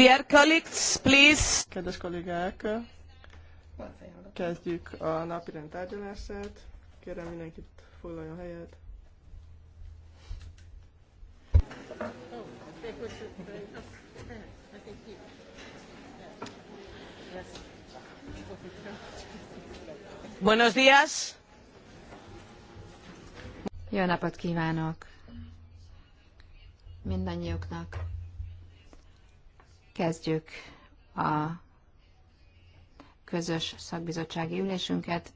Dear colleagues, please. Kedves kollégák, kezdjük a napirend tárgyalását. Kérem mindenkit foglaljon helyet. Buenos días. Jó napot kívánok mindannyiuknak. Kezdjük a közös szakbizottsági ülésünket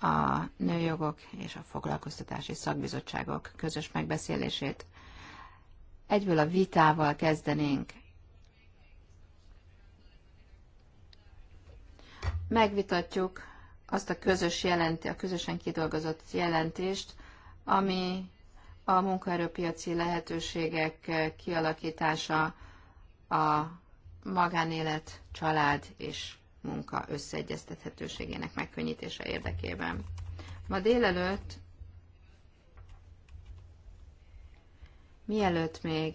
a nőjogok és a foglalkoztatási szakbizottságok közös megbeszélését. Egyből a vitával kezdenénk. Megvitatjuk azt a közös jelenti, a közösen kidolgozott jelentést, ami a munkaerőpiaci lehetőségek kialakítása a magánélet, család és munka összeegyeztethetőségének megkönnyítése érdekében. Ma délelőtt, mielőtt még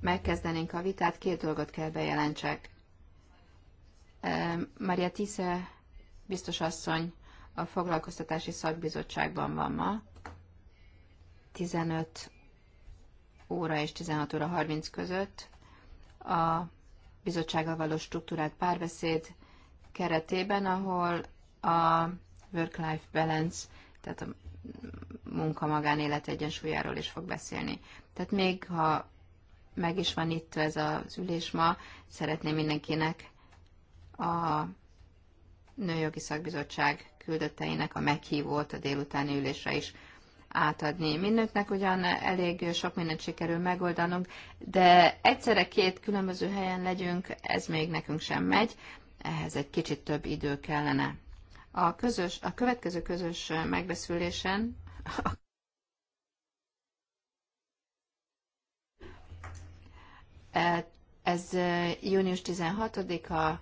megkezdenénk a vitát, két dolgot kell bejelentsek. Maria Tisze biztos asszony a foglalkoztatási szakbizottságban van ma, 15 óra és 16 óra 30 között a bizottsággal való struktúrát párbeszéd keretében, ahol a work-life balance, tehát a munka-magánélet egyensúlyáról is fog beszélni. Tehát még ha meg is van itt ez az ülés ma, szeretném mindenkinek a Nőjogi Szakbizottság küldötteinek a meghívót a délutáni ülésre is átadni. Mindöntnek ugyan elég sok mindent sikerül megoldanunk, de egyszerre két különböző helyen legyünk, ez még nekünk sem megy, ehhez egy kicsit több idő kellene. A, közös, a következő közös megbeszülésen ez június 16-a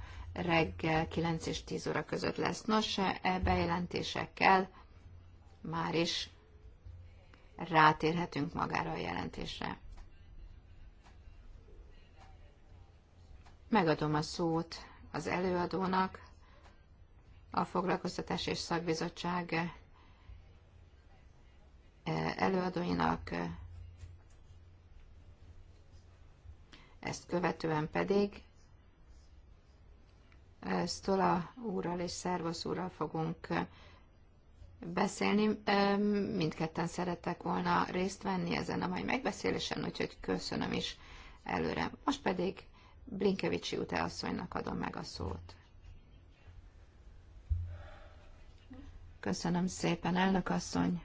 reggel 9 és 10 óra között lesz. Nos, e bejelentésekkel már is rátérhetünk magára a jelentésre. Megadom a szót az előadónak, a Foglalkoztatás és Szakbizottság e, előadóinak, e, ezt követően pedig Stola úrral és Szervasz úrral fogunk beszélni. Mindketten szeretek volna részt venni ezen a mai megbeszélésen, úgyhogy köszönöm is előre. Most pedig Blinkevicsi utáasszonynak adom meg a szót. Köszönöm szépen, elnök asszony.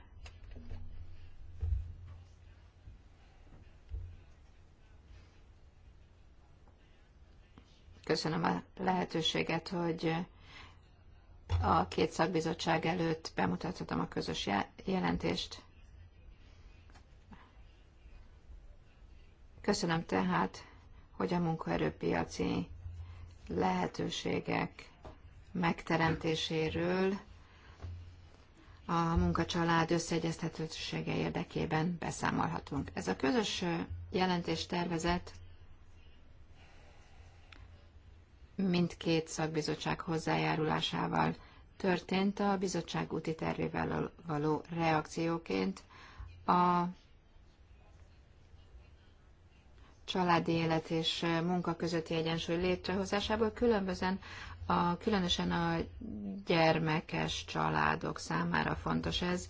Köszönöm a lehetőséget, hogy a két szakbizottság előtt bemutathatom a közös jelentést. Köszönöm tehát, hogy a munkaerőpiaci lehetőségek megteremtéséről a munkacsalád összeegyeztetősége érdekében beszámolhatunk. Ez a közös jelentéstervezet mindkét szakbizottság hozzájárulásával történt a bizottság úti tervével való reakcióként a családi élet és munka közötti egyensúly létrehozásából különbözően a, különösen a gyermekes családok számára fontos ez.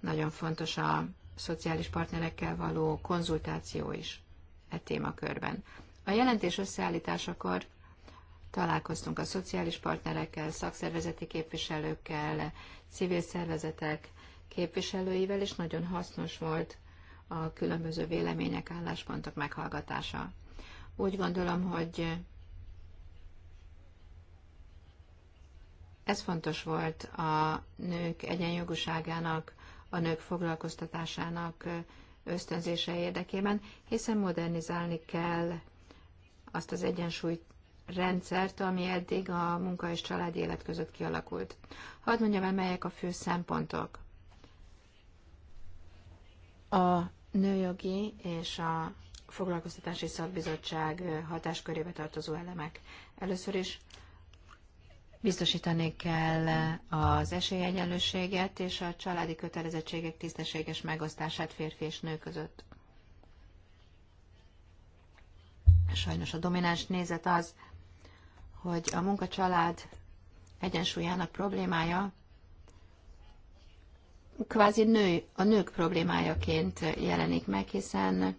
Nagyon fontos a szociális partnerekkel való konzultáció is e témakörben. A jelentés összeállításakor Találkoztunk a szociális partnerekkel, szakszervezeti képviselőkkel, civil szervezetek képviselőivel, és nagyon hasznos volt a különböző vélemények, álláspontok meghallgatása. Úgy gondolom, hogy ez fontos volt a nők egyenjogúságának, a nők foglalkoztatásának ösztönzése érdekében, hiszen modernizálni kell azt az egyensúlyt rendszert, ami eddig a munka és család élet között kialakult. Hadd mondjam el, melyek a fő szempontok. A nőjogi és a foglalkoztatási szakbizottság hatáskörébe tartozó elemek. Először is biztosítani kell az esélyegyenlőséget és a családi kötelezettségek tisztességes megosztását férfi és nő között. Sajnos a domináns nézet az, hogy a munkacsalád egyensúlyának problémája kvázi nő, a nők problémájaként jelenik meg, hiszen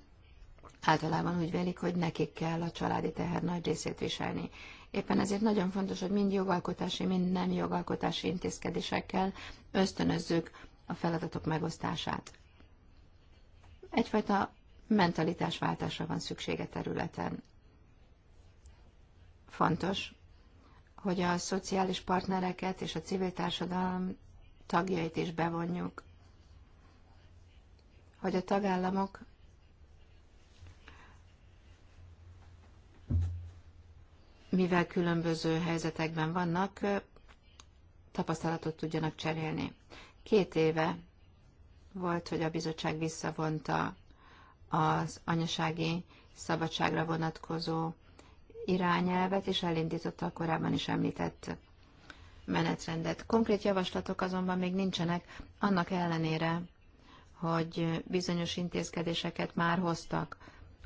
általában úgy vélik, hogy nekik kell a családi teher nagy részét viselni. Éppen ezért nagyon fontos, hogy mind jogalkotási, mind nem jogalkotási intézkedésekkel ösztönözzük a feladatok megosztását. Egyfajta mentalitásváltásra van szüksége területen. Fontos, hogy a szociális partnereket és a civil társadalom tagjait is bevonjuk, hogy a tagállamok mivel különböző helyzetekben vannak, tapasztalatot tudjanak cserélni. Két éve volt, hogy a bizottság visszavonta az anyasági szabadságra vonatkozó irányelvet, és elindította a korábban is említett menetrendet. Konkrét javaslatok azonban még nincsenek, annak ellenére, hogy bizonyos intézkedéseket már hoztak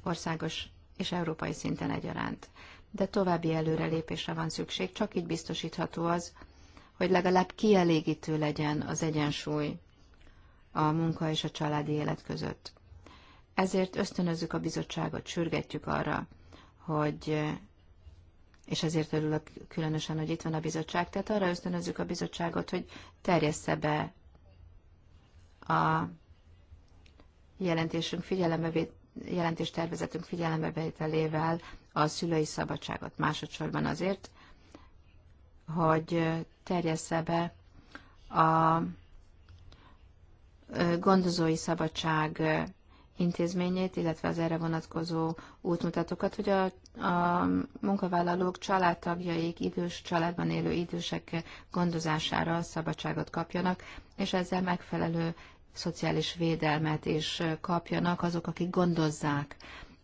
országos és európai szinten egyaránt. De további előrelépésre van szükség, csak így biztosítható az, hogy legalább kielégítő legyen az egyensúly a munka és a családi élet között. Ezért ösztönözzük a bizottságot, sürgetjük arra, hogy és ezért örülök különösen, hogy itt van a bizottság. Tehát arra ösztönözzük a bizottságot, hogy terjessze be a jelentésünk figyelembe, jelentéstervezetünk figyelembevételével a szülői szabadságot. Másodszorban azért, hogy terjessze be a gondozói szabadság intézményét, illetve az erre vonatkozó útmutatókat, hogy a, a munkavállalók családtagjaik, idős családban élő idősek gondozására szabadságot kapjanak, és ezzel megfelelő szociális védelmet is kapjanak azok, akik gondozzák,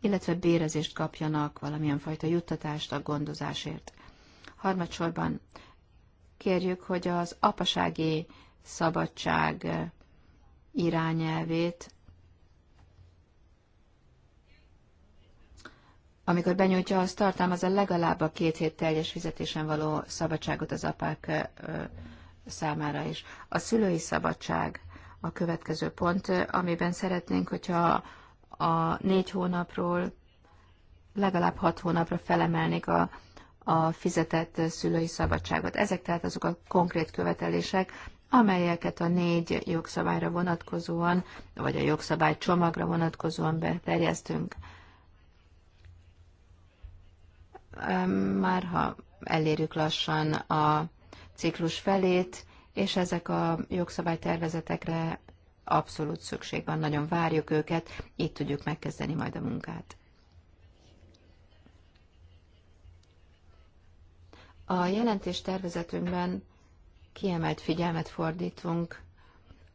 illetve bérezést kapjanak, valamilyen fajta juttatást a gondozásért. Harmadsorban kérjük, hogy az apasági szabadság irányelvét amikor benyújtja, az tartalmaz a legalább a két hét teljes fizetésen való szabadságot az apák számára is. A szülői szabadság a következő pont, amiben szeretnénk, hogyha a négy hónapról legalább hat hónapra felemelnék a, a fizetett szülői szabadságot. Ezek tehát azok a konkrét követelések, amelyeket a négy jogszabályra vonatkozóan, vagy a jogszabály csomagra vonatkozóan beterjesztünk már ha elérjük lassan a ciklus felét, és ezek a jogszabálytervezetekre abszolút szükség van, nagyon várjuk őket, így tudjuk megkezdeni majd a munkát. A jelentés tervezetünkben kiemelt figyelmet fordítunk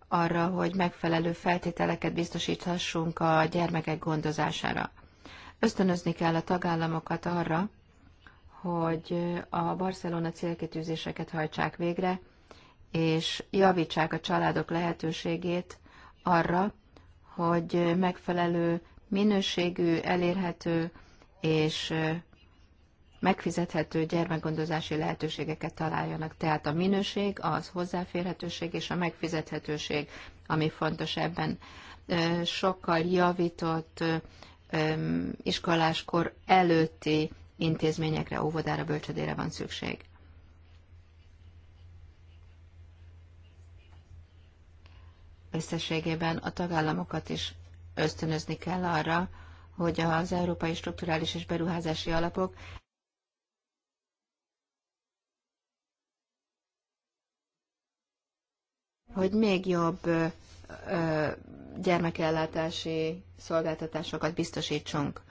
arra, hogy megfelelő feltételeket biztosíthassunk a gyermekek gondozására. Ösztönözni kell a tagállamokat arra, hogy a Barcelona célkitűzéseket hajtsák végre, és javítsák a családok lehetőségét arra, hogy megfelelő, minőségű, elérhető és megfizethető gyermekgondozási lehetőségeket találjanak. Tehát a minőség, az hozzáférhetőség és a megfizethetőség, ami fontos ebben. Sokkal javított iskoláskor előtti intézményekre, óvodára, bölcsödére van szükség. Összességében a tagállamokat is ösztönözni kell arra, hogy az Európai Strukturális és Beruházási Alapok hogy még jobb ö, gyermekellátási szolgáltatásokat biztosítsunk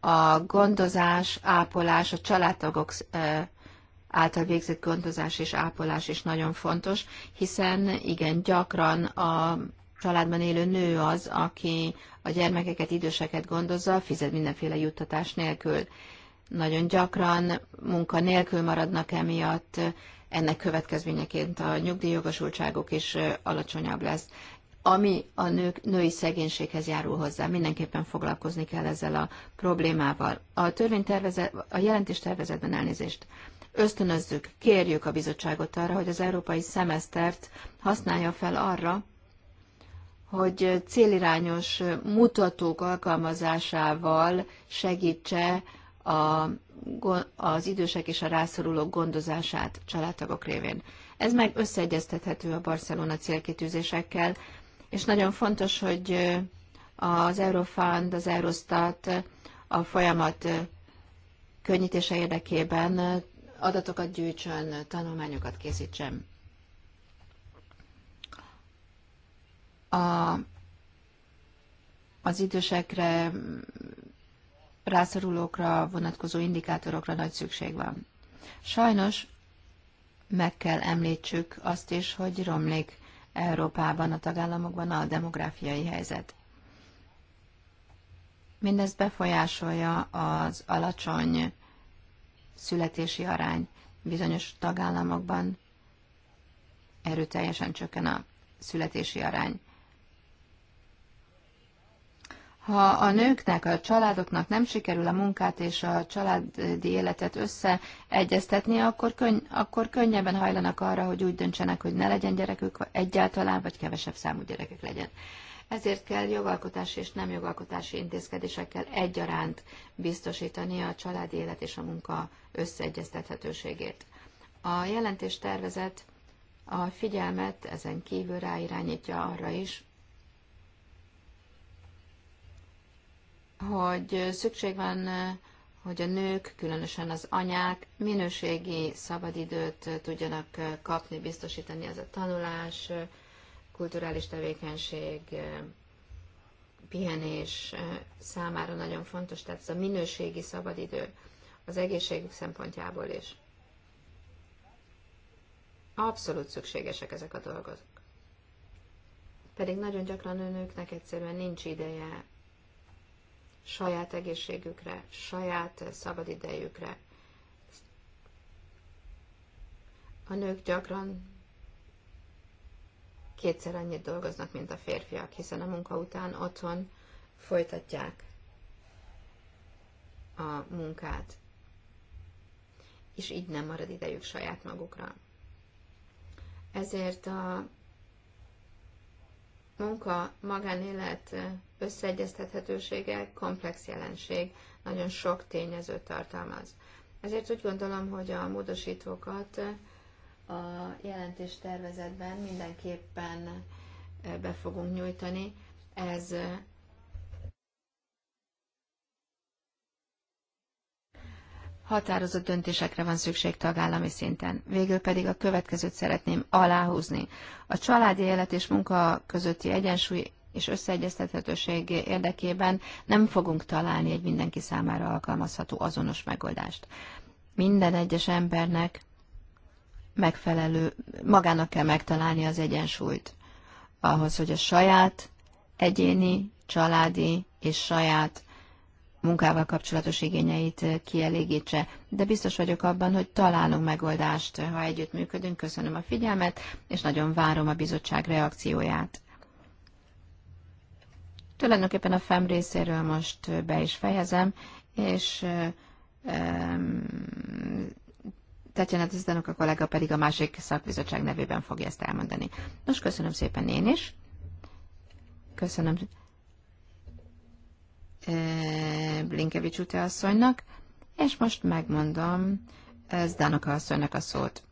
a gondozás, ápolás, a családtagok által végzett gondozás és ápolás is nagyon fontos, hiszen igen, gyakran a családban élő nő az, aki a gyermekeket, időseket gondozza, fizet mindenféle juttatás nélkül. Nagyon gyakran munka nélkül maradnak emiatt, ennek következményeként a nyugdíjjogosultságok is alacsonyabb lesz ami a nők, női szegénységhez járul hozzá. Mindenképpen foglalkozni kell ezzel a problémával. A törvénytervezet, a tervezetben elnézést ösztönözzük, kérjük a bizottságot arra, hogy az európai szemesztert használja fel arra, hogy célirányos mutatók alkalmazásával segítse a, az idősek és a rászorulók gondozását családtagok révén. Ez meg összeegyeztethető a Barcelona célkitűzésekkel, és nagyon fontos, hogy az Eurofund, az Eurostat a folyamat könnyítése érdekében adatokat gyűjtsön, tanulmányokat készítsen. A, az idősekre, rászorulókra vonatkozó indikátorokra nagy szükség van. Sajnos meg kell említsük azt is, hogy romlik Európában, a tagállamokban a demográfiai helyzet. Mindez befolyásolja az alacsony születési arány. Bizonyos tagállamokban erőteljesen csökken a születési arány. Ha a nőknek, a családoknak nem sikerül a munkát és a családi életet összeegyeztetni, akkor, könny- akkor könnyebben hajlanak arra, hogy úgy döntsenek, hogy ne legyen gyerekük egyáltalán, vagy kevesebb számú gyerekek legyen. Ezért kell jogalkotási és nem jogalkotási intézkedésekkel egyaránt biztosítani a családi élet és a munka összeegyeztethetőségét. A jelentés tervezet a figyelmet ezen kívül ráirányítja arra is, hogy szükség van, hogy a nők, különösen az anyák minőségi szabadidőt tudjanak kapni, biztosítani ez a tanulás, kulturális tevékenység, pihenés számára nagyon fontos, tehát ez a minőségi szabadidő az egészségük szempontjából is. Abszolút szükségesek ezek a dolgok. Pedig nagyon gyakran a nőknek egyszerűen nincs ideje saját egészségükre, saját szabadidejükre. A nők gyakran kétszer annyit dolgoznak, mint a férfiak, hiszen a munka után otthon folytatják a munkát, és így nem marad idejük saját magukra. Ezért a munka, magánélet összeegyeztethetősége komplex jelenség, nagyon sok tényezőt tartalmaz. Ezért úgy gondolom, hogy a módosítókat a jelentés tervezetben mindenképpen eh, be fogunk nyújtani. Ez határozott döntésekre van szükség tagállami szinten. Végül pedig a következőt szeretném aláhúzni. A családi élet és munka közötti egyensúly és összeegyeztethetőség érdekében nem fogunk találni egy mindenki számára alkalmazható azonos megoldást. Minden egyes embernek megfelelő, magának kell megtalálni az egyensúlyt ahhoz, hogy a saját egyéni, családi és saját munkával kapcsolatos igényeit kielégítse. De biztos vagyok abban, hogy találunk megoldást, ha együtt működünk. Köszönöm a figyelmet, és nagyon várom a bizottság reakcióját. Tulajdonképpen a FEM részéről most be is fejezem, és Tatjana Tizdanok a kollega pedig a másik szakbizottság nevében fogja ezt elmondani. Nos, köszönöm szépen én is. Köszönöm Blinkevics úti asszonynak, és most megmondom Zdanok asszonynak a szót.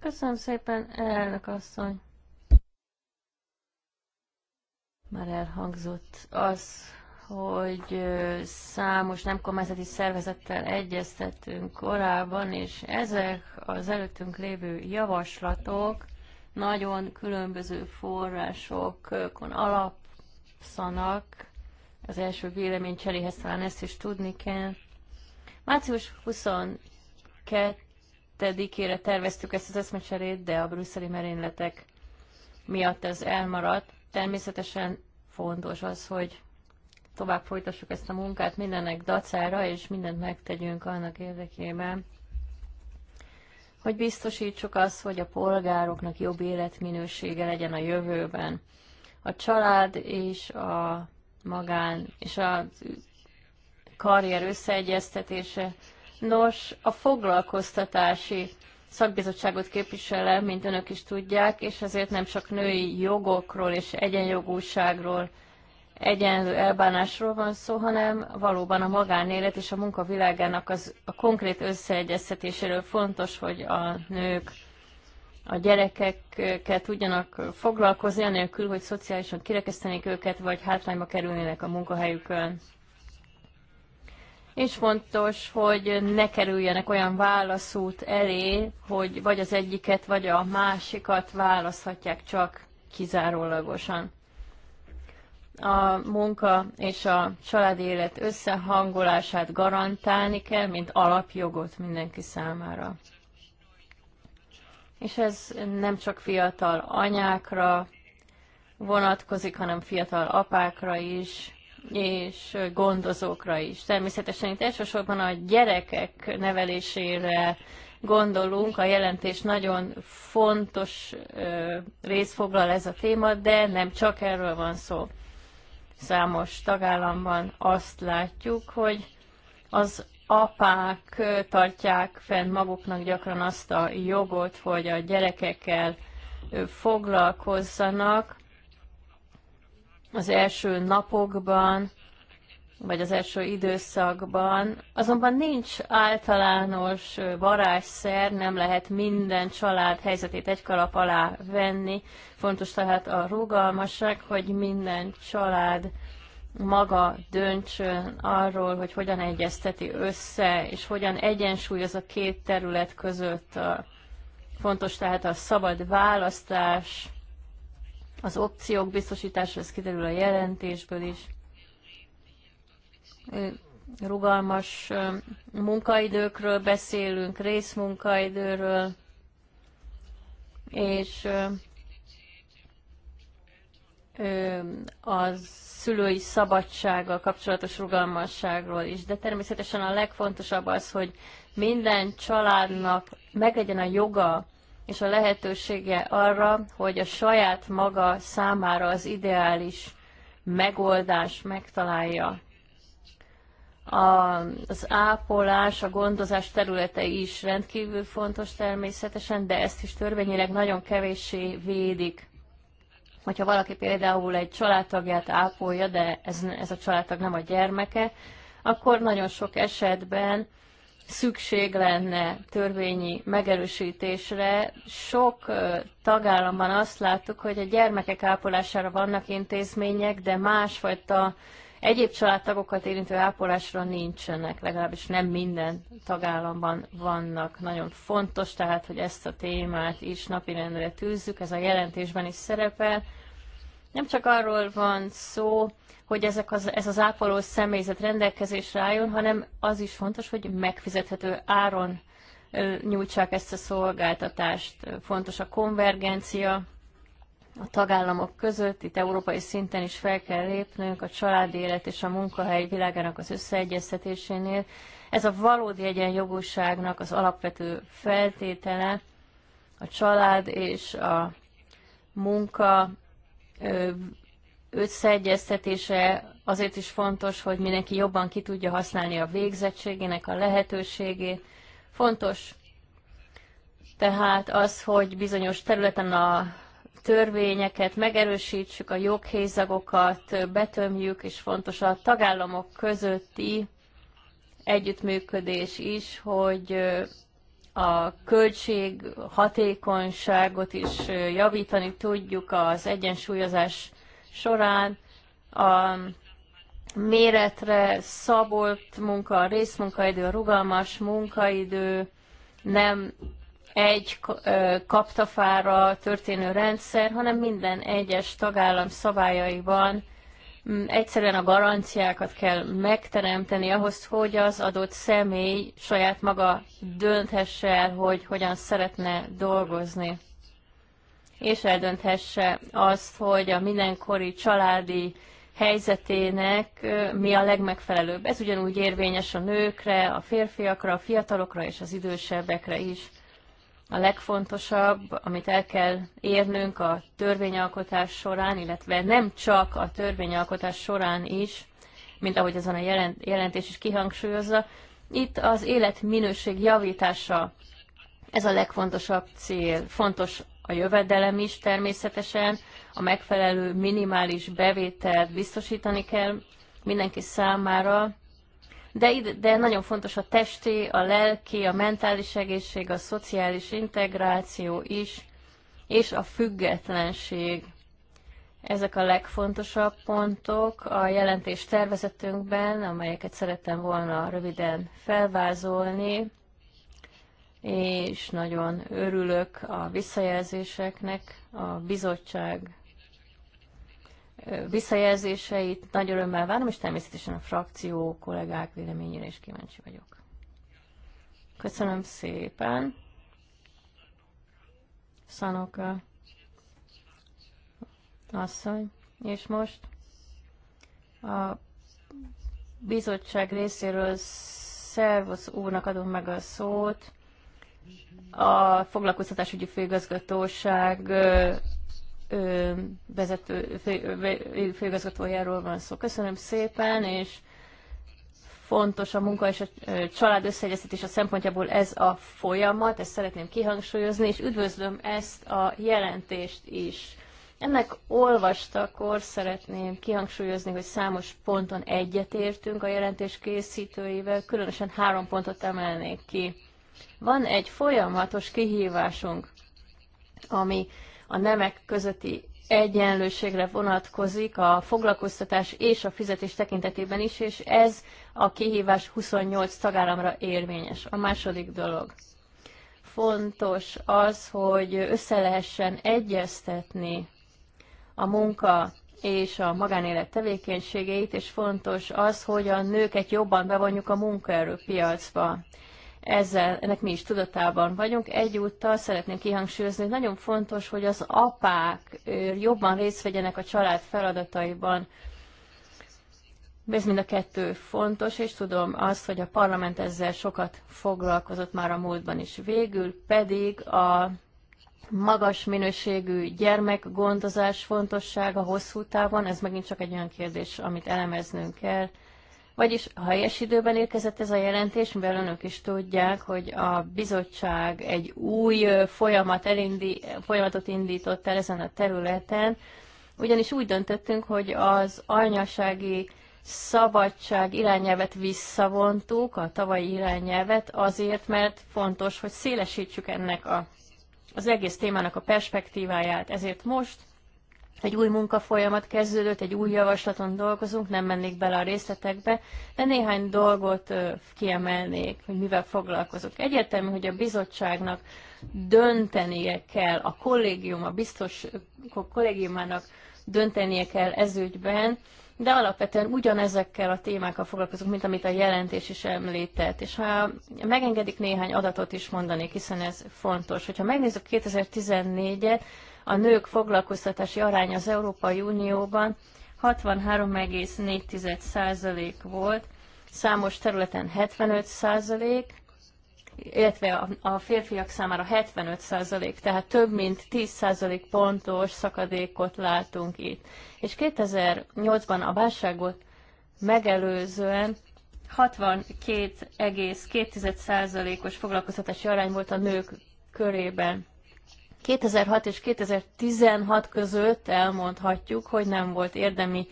Köszönöm szépen, elnök asszony már elhangzott az, hogy számos nem kormányzati szervezettel egyeztettünk korábban, és ezek az előttünk lévő javaslatok nagyon különböző forrásokon alapszanak. Az első cseréhez talán ezt is tudni kell. Március 22-ére terveztük ezt az eszmecserét, de a brüsszeli merényletek miatt ez elmaradt Természetesen fontos az, hogy tovább folytassuk ezt a munkát mindennek dacára, és mindent megtegyünk annak érdekében, hogy biztosítsuk azt, hogy a polgároknak jobb életminősége legyen a jövőben. A család és a magán és a karrier összeegyeztetése. Nos, a foglalkoztatási szakbizottságot képviselem, mint önök is tudják, és ezért nem csak női jogokról és egyenjogúságról, egyenlő elbánásról van szó, hanem valóban a magánélet és a munkavilágának az, a konkrét összeegyeztetéséről fontos, hogy a nők a gyerekekkel tudjanak foglalkozni, anélkül, hogy szociálisan kirekesztenék őket, vagy hátrányba kerülnének a munkahelyükön és fontos, hogy ne kerüljenek olyan válaszút elé, hogy vagy az egyiket, vagy a másikat választhatják csak kizárólagosan. A munka és a család élet összehangolását garantálni kell, mint alapjogot mindenki számára. És ez nem csak fiatal anyákra vonatkozik, hanem fiatal apákra is, és gondozókra is. Természetesen itt elsősorban a gyerekek nevelésére gondolunk, a jelentés nagyon fontos rész foglal ez a téma, de nem csak erről van szó. Számos tagállamban azt látjuk, hogy az apák tartják fenn maguknak gyakran azt a jogot, hogy a gyerekekkel foglalkozzanak, az első napokban, vagy az első időszakban, azonban nincs általános varázsszer, nem lehet minden család helyzetét egy kalap alá venni. Fontos tehát a rugalmasság, hogy minden család maga döntsön arról, hogy hogyan egyezteti össze, és hogyan egyensúlyoz a két terület között. A, fontos tehát a szabad választás, az opciók biztosítása, ez kiderül a jelentésből is. Rugalmas munkaidőkről beszélünk, részmunkaidőről, és a szülői szabadsággal kapcsolatos rugalmasságról is. De természetesen a legfontosabb az, hogy minden családnak meglegyen a joga és a lehetősége arra, hogy a saját maga számára az ideális megoldás megtalálja. A, az ápolás, a gondozás területe is rendkívül fontos természetesen, de ezt is törvényileg nagyon kevéssé védik. Hogyha valaki például egy családtagját ápolja, de ez, ez a családtag nem a gyermeke, akkor nagyon sok esetben szükség lenne törvényi megerősítésre. Sok tagállamban azt láttuk, hogy a gyermekek ápolására vannak intézmények, de másfajta egyéb családtagokat érintő ápolásra nincsenek, legalábbis nem minden tagállamban vannak. Nagyon fontos tehát, hogy ezt a témát is napirendre tűzzük, ez a jelentésben is szerepel nem csak arról van szó, hogy ezek az, ez az ápoló személyzet rendelkezésre álljon, hanem az is fontos, hogy megfizethető áron nyújtsák ezt a szolgáltatást. Fontos a konvergencia a tagállamok között, itt európai szinten is fel kell lépnünk a családi élet és a munkahely világának az összeegyeztetésénél. Ez a valódi egyenjogúságnak az alapvető feltétele, a család és a munka összeegyeztetése azért is fontos, hogy mindenki jobban ki tudja használni a végzettségének a lehetőségét. Fontos tehát az, hogy bizonyos területen a törvényeket megerősítsük, a joghézagokat betömjük, és fontos a tagállamok közötti együttműködés is, hogy a költség hatékonyságot is javítani tudjuk az egyensúlyozás során. A méretre szabott munka, a részmunkaidő, a rugalmas munkaidő nem egy kaptafára történő rendszer, hanem minden egyes tagállam szabályaiban Mm, egyszerűen a garanciákat kell megteremteni ahhoz, hogy az adott személy saját maga dönthesse el, hogy hogyan szeretne dolgozni. És eldönthesse azt, hogy a mindenkori családi helyzetének mi a legmegfelelőbb. Ez ugyanúgy érvényes a nőkre, a férfiakra, a fiatalokra és az idősebbekre is a legfontosabb, amit el kell érnünk a törvényalkotás során, illetve nem csak a törvényalkotás során is, mint ahogy azon a jelentés is kihangsúlyozza, itt az életminőség javítása, ez a legfontosabb cél. Fontos a jövedelem is természetesen, a megfelelő minimális bevételt biztosítani kell mindenki számára, de, ide, de nagyon fontos a testi, a lelki, a mentális egészség, a szociális integráció is, és a függetlenség. Ezek a legfontosabb pontok a jelentés tervezetünkben, amelyeket szerettem volna röviden felvázolni, és nagyon örülök a visszajelzéseknek. A bizottság visszajelzéseit nagy örömmel várom, és természetesen a frakció kollégák véleményére is kíváncsi vagyok. Köszönöm szépen. Szanoka asszony. És most a bizottság részéről Szervusz úrnak adom meg a szót. A foglalkoztatásügyi főigazgatóság vezető, fő, főigazgatójáról van szó. Köszönöm szépen, és fontos a munka és a család összeegyeztetése szempontjából ez a folyamat, ezt szeretném kihangsúlyozni, és üdvözlöm ezt a jelentést is. Ennek olvastakor szeretném kihangsúlyozni, hogy számos ponton egyetértünk a jelentés készítőivel, különösen három pontot emelnék ki. Van egy folyamatos kihívásunk, ami a nemek közötti egyenlőségre vonatkozik a foglalkoztatás és a fizetés tekintetében is, és ez a kihívás 28 tagállamra érvényes. A második dolog. Fontos az, hogy össze lehessen egyeztetni a munka és a magánélet tevékenységeit, és fontos az, hogy a nőket jobban bevonjuk a munkaerőpiacba ezzel, ennek mi is tudatában vagyunk. Egyúttal szeretném kihangsúlyozni, hogy nagyon fontos, hogy az apák jobban részt vegyenek a család feladataiban. Ez mind a kettő fontos, és tudom azt, hogy a parlament ezzel sokat foglalkozott már a múltban is. Végül pedig a magas minőségű gyermekgondozás fontossága hosszú távon, ez megint csak egy olyan kérdés, amit elemeznünk kell vagyis a helyes időben érkezett ez a jelentés, mivel önök is tudják, hogy a bizottság egy új folyamat elindi, folyamatot indított el ezen a területen, ugyanis úgy döntöttünk, hogy az anyasági szabadság irányelvet visszavontuk, a tavalyi irányelvet, azért, mert fontos, hogy szélesítsük ennek a, az egész témának a perspektíváját. Ezért most egy új munkafolyamat kezdődött, egy új javaslaton dolgozunk, nem mennék bele a részletekbe, de néhány dolgot kiemelnék, hogy mivel foglalkozok. Egyértelmű, hogy a bizottságnak döntenie kell, a kollégium, a biztos kollégiumának döntenie kell ezügyben, de alapvetően ugyanezekkel a témákkal foglalkozunk, mint amit a jelentés is említett. És ha megengedik néhány adatot is mondanék, hiszen ez fontos. Hogyha megnézzük 2014-et, a nők foglalkoztatási aránya az Európai Unióban 63,4% volt, számos területen 75%, illetve a, a férfiak számára 75 százalék, tehát több mint 10 százalék pontos szakadékot látunk itt. És 2008-ban a válságot megelőzően 62,2 százalékos foglalkoztatási arány volt a nők körében. 2006 és 2016 között elmondhatjuk, hogy nem volt érdemi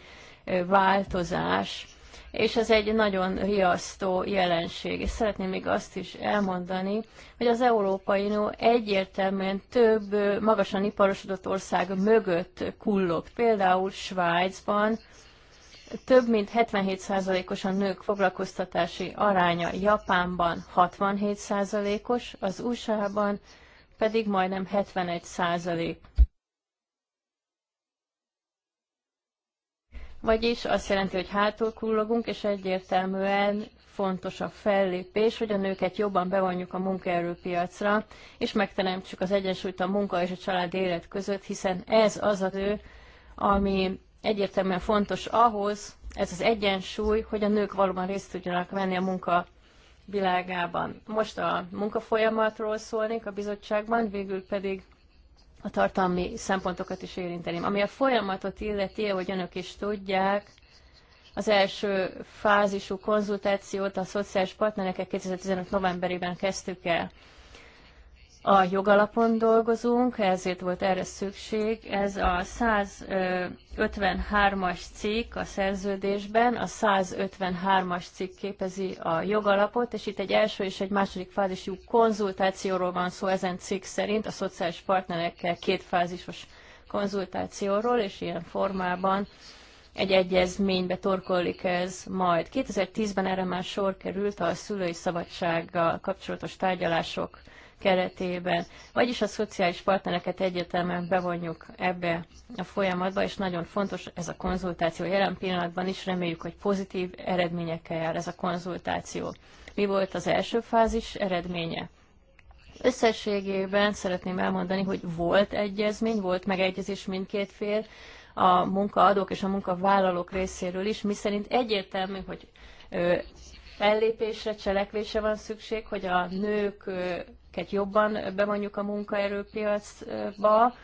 változás, és ez egy nagyon riasztó jelenség. És szeretném még azt is elmondani, hogy az Európai Unió egyértelműen több magasan iparosodott ország mögött kullog. Például Svájcban több mint 77%-os a nők foglalkoztatási aránya, Japánban 67%-os, az USA-ban pedig majdnem 71 százalék. Vagyis azt jelenti, hogy hátul kullogunk, és egyértelműen fontos a fellépés, hogy a nőket jobban bevonjuk a munkaerőpiacra, és megteremtsük az egyensúlyt a munka és a család élet között, hiszen ez az az ő, ami egyértelműen fontos ahhoz, ez az egyensúly, hogy a nők valóban részt tudjanak venni a munka világában. Most a munkafolyamatról szólnék a bizottságban, végül pedig a tartalmi szempontokat is érinteném. Ami a folyamatot illeti, hogy önök is tudják, az első fázisú konzultációt a szociális partnerekkel 2015. novemberében kezdtük el a jogalapon dolgozunk, ezért volt erre szükség. Ez a 153-as cikk a szerződésben, a 153-as cikk képezi a jogalapot, és itt egy első és egy második fázisú konzultációról van szó ezen cikk szerint, a szociális partnerekkel kétfázisos konzultációról, és ilyen formában egy egyezménybe torkollik ez majd. 2010-ben erre már sor került a szülői szabadsággal kapcsolatos tárgyalások keretében, vagyis a szociális partnereket egyetemen bevonjuk ebbe a folyamatba, és nagyon fontos ez a konzultáció jelen pillanatban is, reméljük, hogy pozitív eredményekkel jár ez a konzultáció. Mi volt az első fázis eredménye? Összességében szeretném elmondani, hogy volt egyezmény, volt megegyezés mindkét fél, a munkaadók és a munkavállalók részéről is, miszerint egyértelmű, hogy fellépésre, cselekvése van szükség, hogy a nők akiket jobban bevonjuk a munkaerőpiacba,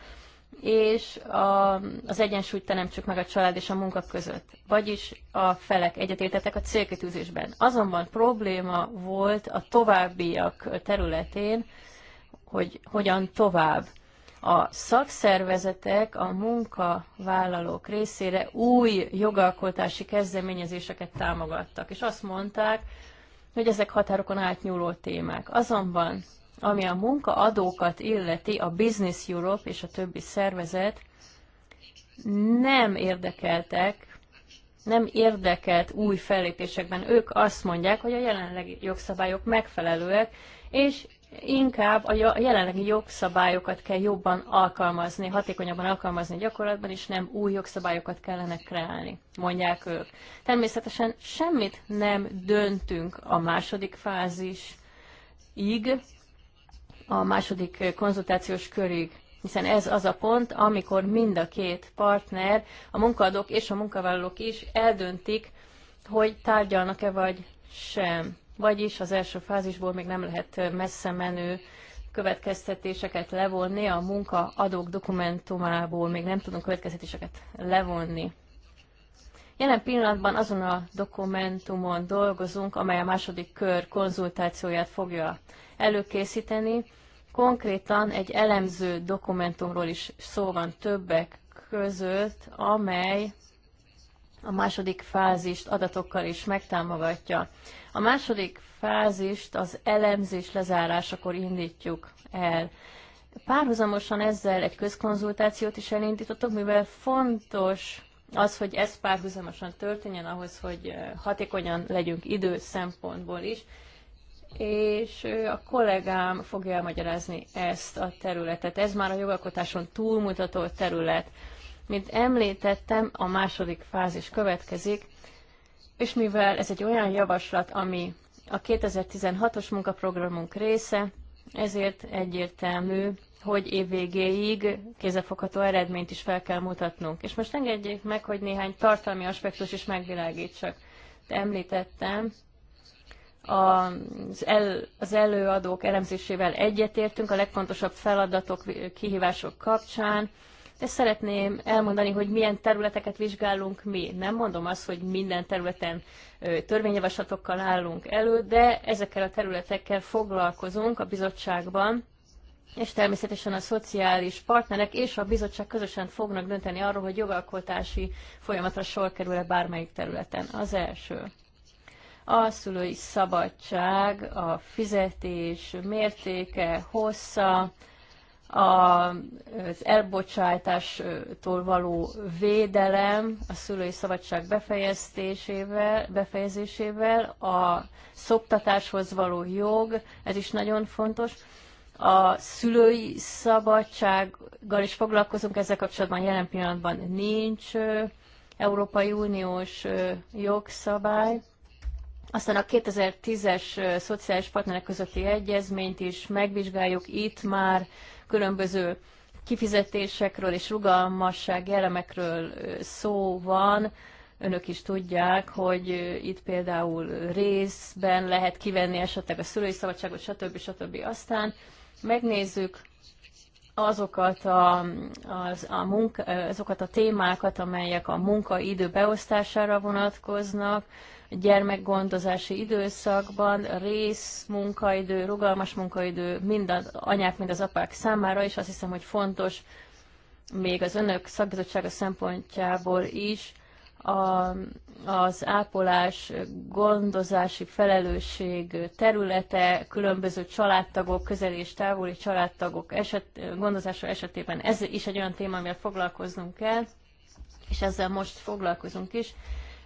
és a, az egyensúlyt teremtsük meg a család és a munka között. Vagyis a felek egyetértettek a célkitűzésben. Azonban probléma volt a továbbiak területén, hogy hogyan tovább. A szakszervezetek a munkavállalók részére új jogalkotási kezdeményezéseket támogattak, és azt mondták, hogy ezek határokon átnyúló témák. Azonban ami a munkaadókat illeti, a Business Europe és a többi szervezet nem érdekeltek, nem érdekelt új fellépésekben. Ők azt mondják, hogy a jelenlegi jogszabályok megfelelőek, és inkább a jelenlegi jogszabályokat kell jobban alkalmazni, hatékonyabban alkalmazni gyakorlatban, és nem új jogszabályokat kellene kreálni, mondják ők. Természetesen semmit nem döntünk a második fázisig, a második konzultációs körig, hiszen ez az a pont, amikor mind a két partner, a munkadók és a munkavállalók is eldöntik, hogy tárgyalnak-e vagy sem. Vagyis az első fázisból még nem lehet messze menő következtetéseket levonni, a munkaadók dokumentumából még nem tudunk következtetéseket levonni. Jelen pillanatban azon a dokumentumon dolgozunk, amely a második kör konzultációját fogja előkészíteni. Konkrétan egy elemző dokumentumról is szó van többek között, amely a második fázist adatokkal is megtámogatja. A második fázist az elemzés lezárásakor indítjuk el. Párhuzamosan ezzel egy közkonzultációt is elindítottuk, mivel fontos az, hogy ez párhuzamosan történjen ahhoz, hogy hatékonyan legyünk idő szempontból is, és a kollégám fogja elmagyarázni ezt a területet. Ez már a jogalkotáson túlmutató terület. Mint említettem, a második fázis következik, és mivel ez egy olyan javaslat, ami a 2016-os munkaprogramunk része, ezért egyértelmű, hogy végéig kézefogható eredményt is fel kell mutatnunk. És most engedjék meg, hogy néhány tartalmi aspektus is megvilágítsak. De említettem, az, el, az előadók elemzésével egyetértünk a legfontosabb feladatok, kihívások kapcsán, de szeretném elmondani, hogy milyen területeket vizsgálunk mi. Nem mondom azt, hogy minden területen törvényjavaslatokkal állunk elő, de ezekkel a területekkel foglalkozunk a bizottságban, és természetesen a szociális partnerek és a bizottság közösen fognak dönteni arról, hogy jogalkotási folyamatra sor kerül-e bármelyik területen. Az első. A szülői szabadság, a fizetés mértéke, hossza, az elbocsátástól való védelem a szülői szabadság befejeztésével, befejezésével, a szoptatáshoz való jog, ez is nagyon fontos, a szülői szabadsággal is foglalkozunk, ezzel kapcsolatban jelen pillanatban nincs Európai Uniós jogszabály. Aztán a 2010-es szociális partnerek közötti egyezményt is megvizsgáljuk. Itt már különböző kifizetésekről és rugalmasság elemekről szó van. Önök is tudják, hogy itt például részben lehet kivenni esetleg a szülői szabadságot, stb. stb. Aztán megnézzük azokat a, az, a munka, azokat a témákat, amelyek a munkaidő beosztására vonatkoznak, gyermekgondozási időszakban, rész munkaidő, rugalmas munkaidő mind az anyák, mind az apák számára, és azt hiszem, hogy fontos még az önök szakbizottsága szempontjából is, a, az ápolás, gondozási felelősség területe különböző családtagok, közel és távoli családtagok eset, gondozása esetében. Ez is egy olyan téma, amivel foglalkoznunk kell, és ezzel most foglalkozunk is.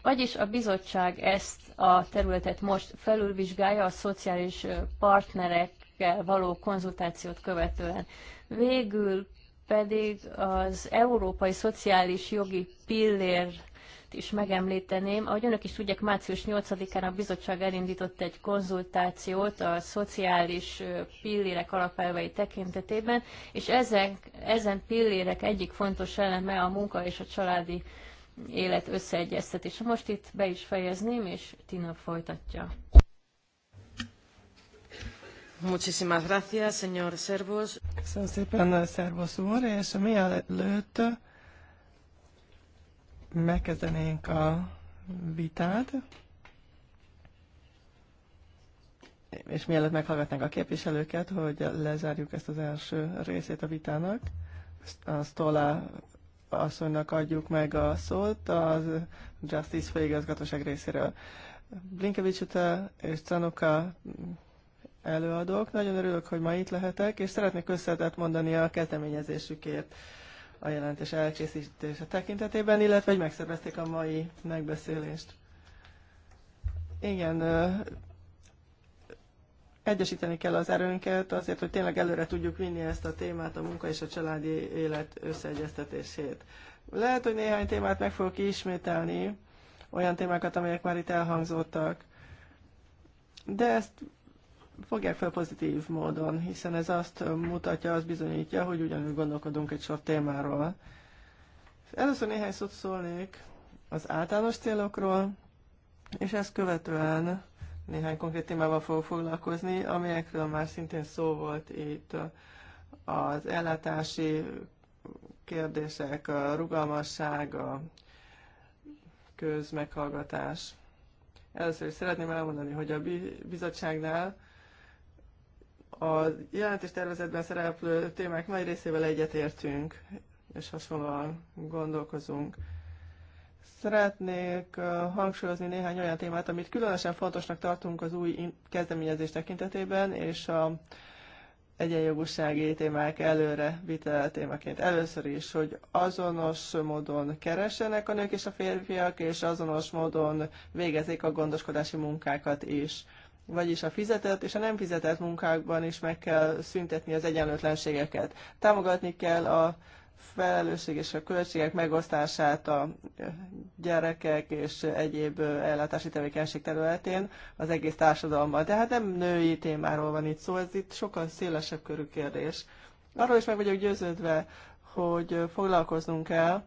Vagyis a bizottság ezt a területet most felülvizsgálja a szociális partnerekkel való konzultációt követően. Végül pedig az európai szociális jogi pillér is megemlíteném. Ahogy önök is tudják, március 8-án a bizottság elindított egy konzultációt a szociális pillérek alapelvei tekintetében, és ezek, ezen pillérek egyik fontos eleme a munka és a családi élet összeegyeztetése. Most itt be is fejezném, és Tina folytatja. Muchísimas gracias, señor Servos. Köszönöm szépen, Servos úr, és mielőtt megkezdenénk a vitát, és mielőtt meghallgatnánk a képviselőket, hogy lezárjuk ezt az első részét a vitának, a Stola asszonynak adjuk meg a szót az Justice főigazgatóság részéről. Blinkevics és Canuka előadók. Nagyon örülök, hogy ma itt lehetek, és szeretnék összetett mondani a kezdeményezésükért a jelentés elkészítése tekintetében, illetve hogy megszervezték a mai megbeszélést. Igen, egyesíteni kell az erőnket azért, hogy tényleg előre tudjuk vinni ezt a témát, a munka és a családi élet összeegyeztetését. Lehet, hogy néhány témát meg fogok ismételni, olyan témákat, amelyek már itt elhangzottak, de ezt fogják fel pozitív módon, hiszen ez azt mutatja, azt bizonyítja, hogy ugyanúgy gondolkodunk egy sor témáról. Először néhány szót szólnék az általános célokról, és ezt követően néhány konkrét témával fogok foglalkozni, amelyekről már szintén szó volt itt az ellátási kérdések, a rugalmasság, a közmeghallgatás. Először is szeretném elmondani, hogy a bizottságnál a jelentés tervezetben szereplő témák nagy részével egyetértünk, és hasonlóan gondolkozunk. Szeretnék hangsúlyozni néhány olyan témát, amit különösen fontosnak tartunk az új kezdeményezés tekintetében, és a egyenjogúsági témák előre vitel témaként. Először is, hogy azonos módon keressenek a nők és a férfiak, és azonos módon végezik a gondoskodási munkákat is vagyis a fizetett és a nem fizetett munkákban is meg kell szüntetni az egyenlőtlenségeket. Támogatni kell a felelősség és a költségek megosztását a gyerekek és egyéb ellátási tevékenység területén az egész társadalomban. Tehát nem női témáról van itt szó, ez itt sokkal szélesebb körű kérdés. Arról is meg vagyok győződve, hogy foglalkoznunk kell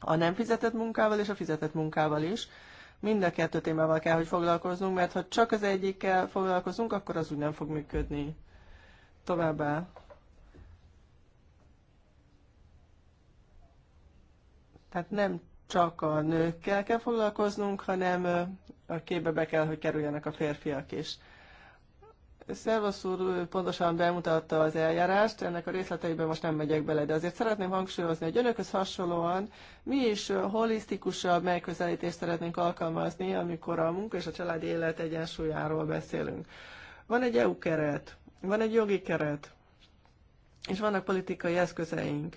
a nem fizetett munkával és a fizetett munkával is, Mind a kettő témával kell, hogy foglalkozzunk, mert ha csak az egyikkel foglalkozunk, akkor az úgy nem fog működni. Továbbá. Tehát nem csak a nőkkel kell foglalkoznunk, hanem a képbe be kell, hogy kerüljenek a férfiak is. Szervasz úr pontosan bemutatta az eljárást, ennek a részleteiben most nem megyek bele, de azért szeretném hangsúlyozni, hogy önökhöz hasonlóan mi is holisztikusabb megközelítést szeretnénk alkalmazni, amikor a munka és a családi élet egyensúlyáról beszélünk. Van egy EU keret, van egy jogi keret, és vannak politikai eszközeink,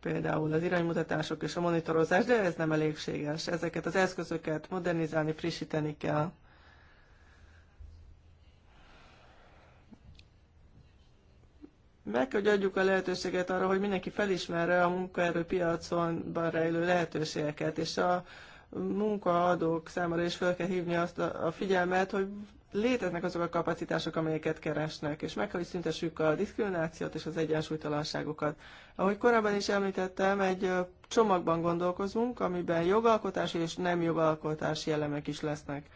például az iránymutatások és a monitorozás, de ez nem elégséges. Ezeket az eszközöket modernizálni, frissíteni kell Meg kell, hogy adjuk a lehetőséget arra, hogy mindenki felismerje a munkaerőpiacon rejlő lehetőségeket, és a munkaadók számára is fel kell hívni azt a, a figyelmet, hogy léteznek azok a kapacitások, amelyeket keresnek, és meg kell, hogy szüntessük a diszkriminációt és az egyensúlytalanságokat. Ahogy korábban is említettem, egy csomagban gondolkozunk, amiben jogalkotási és nem jogalkotási elemek is lesznek.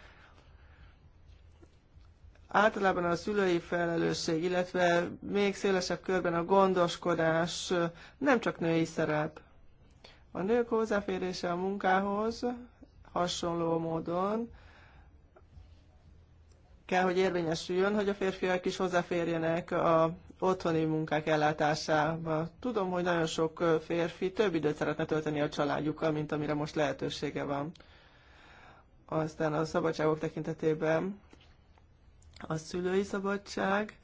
Általában a szülői felelősség, illetve még szélesebb körben a gondoskodás nem csak női szerep. A nők hozzáférése a munkához hasonló módon kell, hogy érvényesüljön, hogy a férfiak is hozzáférjenek a otthoni munkák ellátásába. Tudom, hogy nagyon sok férfi több időt szeretne tölteni a családjukkal, mint amire most lehetősége van. Aztán a szabadságok tekintetében a szülői szabadság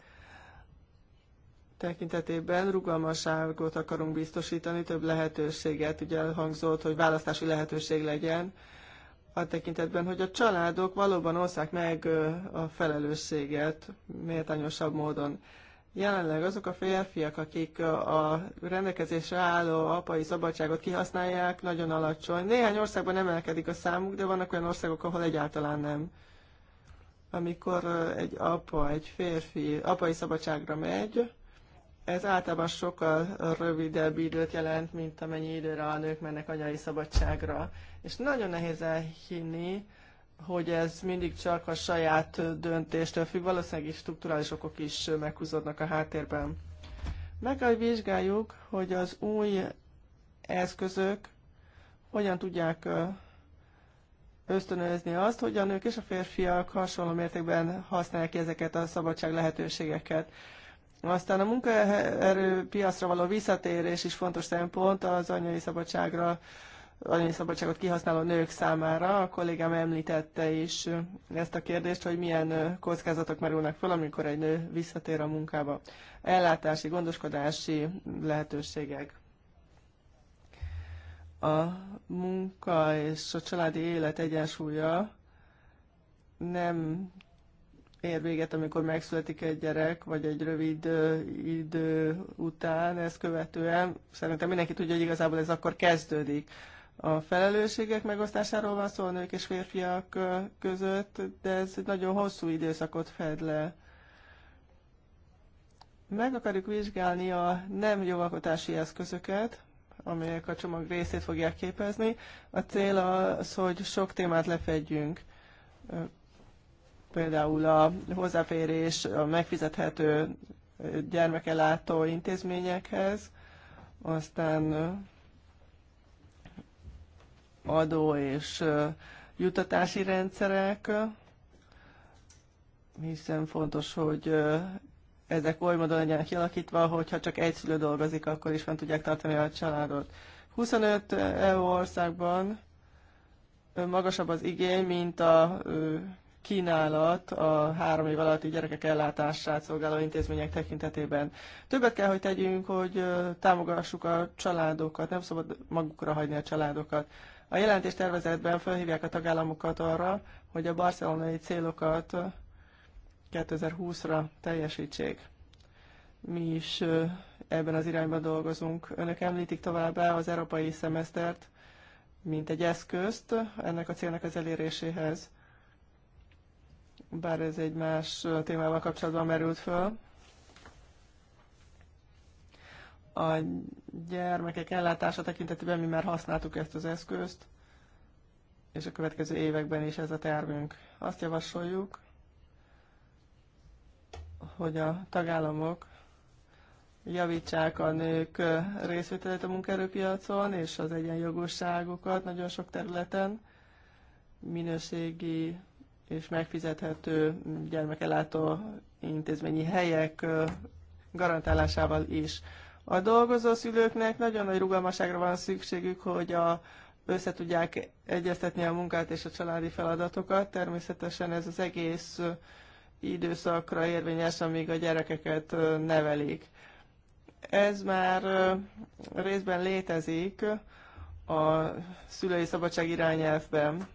tekintetében rugalmasságot akarunk biztosítani, több lehetőséget, ugye elhangzott, hogy választási lehetőség legyen, a tekintetben, hogy a családok valóban osszák meg a felelősséget méltányosabb módon. Jelenleg azok a férfiak, akik a rendelkezésre álló apai szabadságot kihasználják, nagyon alacsony. Néhány országban emelkedik a számuk, de vannak olyan országok, ahol egyáltalán nem amikor egy apa, egy férfi apai szabadságra megy, ez általában sokkal rövidebb időt jelent, mint amennyi időre a nők mennek anyai szabadságra. És nagyon nehéz elhinni, hogy ez mindig csak a saját döntéstől függ, valószínűleg strukturális okok is meghúzódnak a háttérben. Meg kell vizsgáljuk, hogy az új eszközök hogyan tudják ösztönözni azt, hogy a nők és a férfiak hasonló mértékben használják ki ezeket a szabadság lehetőségeket. Aztán a munkaerőpiacra való visszatérés is fontos szempont az anyai szabadságra, anyai szabadságot kihasználó nők számára. A kollégám említette is ezt a kérdést, hogy milyen kockázatok merülnek fel amikor egy nő visszatér a munkába. Ellátási, gondoskodási lehetőségek a munka és a családi élet egyensúlya nem ér véget, amikor megszületik egy gyerek, vagy egy rövid idő után ezt követően. Szerintem mindenki tudja, hogy igazából ez akkor kezdődik. A felelősségek megosztásáról van szó a nők és férfiak között, de ez egy nagyon hosszú időszakot fed le. Meg akarjuk vizsgálni a nem jogalkotási eszközöket, amelyek a csomag részét fogják képezni. A cél az, hogy sok témát lefedjünk, például a hozzáférés a megfizethető gyermekelátó intézményekhez, aztán adó és jutatási rendszerek, hiszen fontos, hogy ezek oly módon legyenek kialakítva, hogyha csak egy szülő dolgozik, akkor is van tudják tartani a családot. 25 EU országban magasabb az igény, mint a kínálat a három év alatti gyerekek ellátását szolgáló intézmények tekintetében. Többet kell, hogy tegyünk, hogy támogassuk a családokat, nem szabad magukra hagyni a családokat. A jelentés tervezetben felhívják a tagállamokat arra, hogy a barcelonai célokat 2020-ra teljesítsék. Mi is ebben az irányban dolgozunk. Önök említik továbbá az európai szemesztert, mint egy eszközt ennek a célnak az eléréséhez. Bár ez egy más témával kapcsolatban merült föl. A gyermekek ellátása tekintetében mi már használtuk ezt az eszközt, és a következő években is ez a tervünk. Azt javasoljuk, hogy a tagállamok javítsák a nők részvételét a munkaerőpiacon és az egyenjogosságokat nagyon sok területen, minőségi és megfizethető gyermekelátó intézményi helyek garantálásával is. A dolgozó szülőknek nagyon nagy rugalmasságra van szükségük, hogy a, össze tudják egyeztetni a munkát és a családi feladatokat. Természetesen ez az egész időszakra érvényes, amíg a gyerekeket nevelik. Ez már részben létezik a szülői szabadság irányelvben,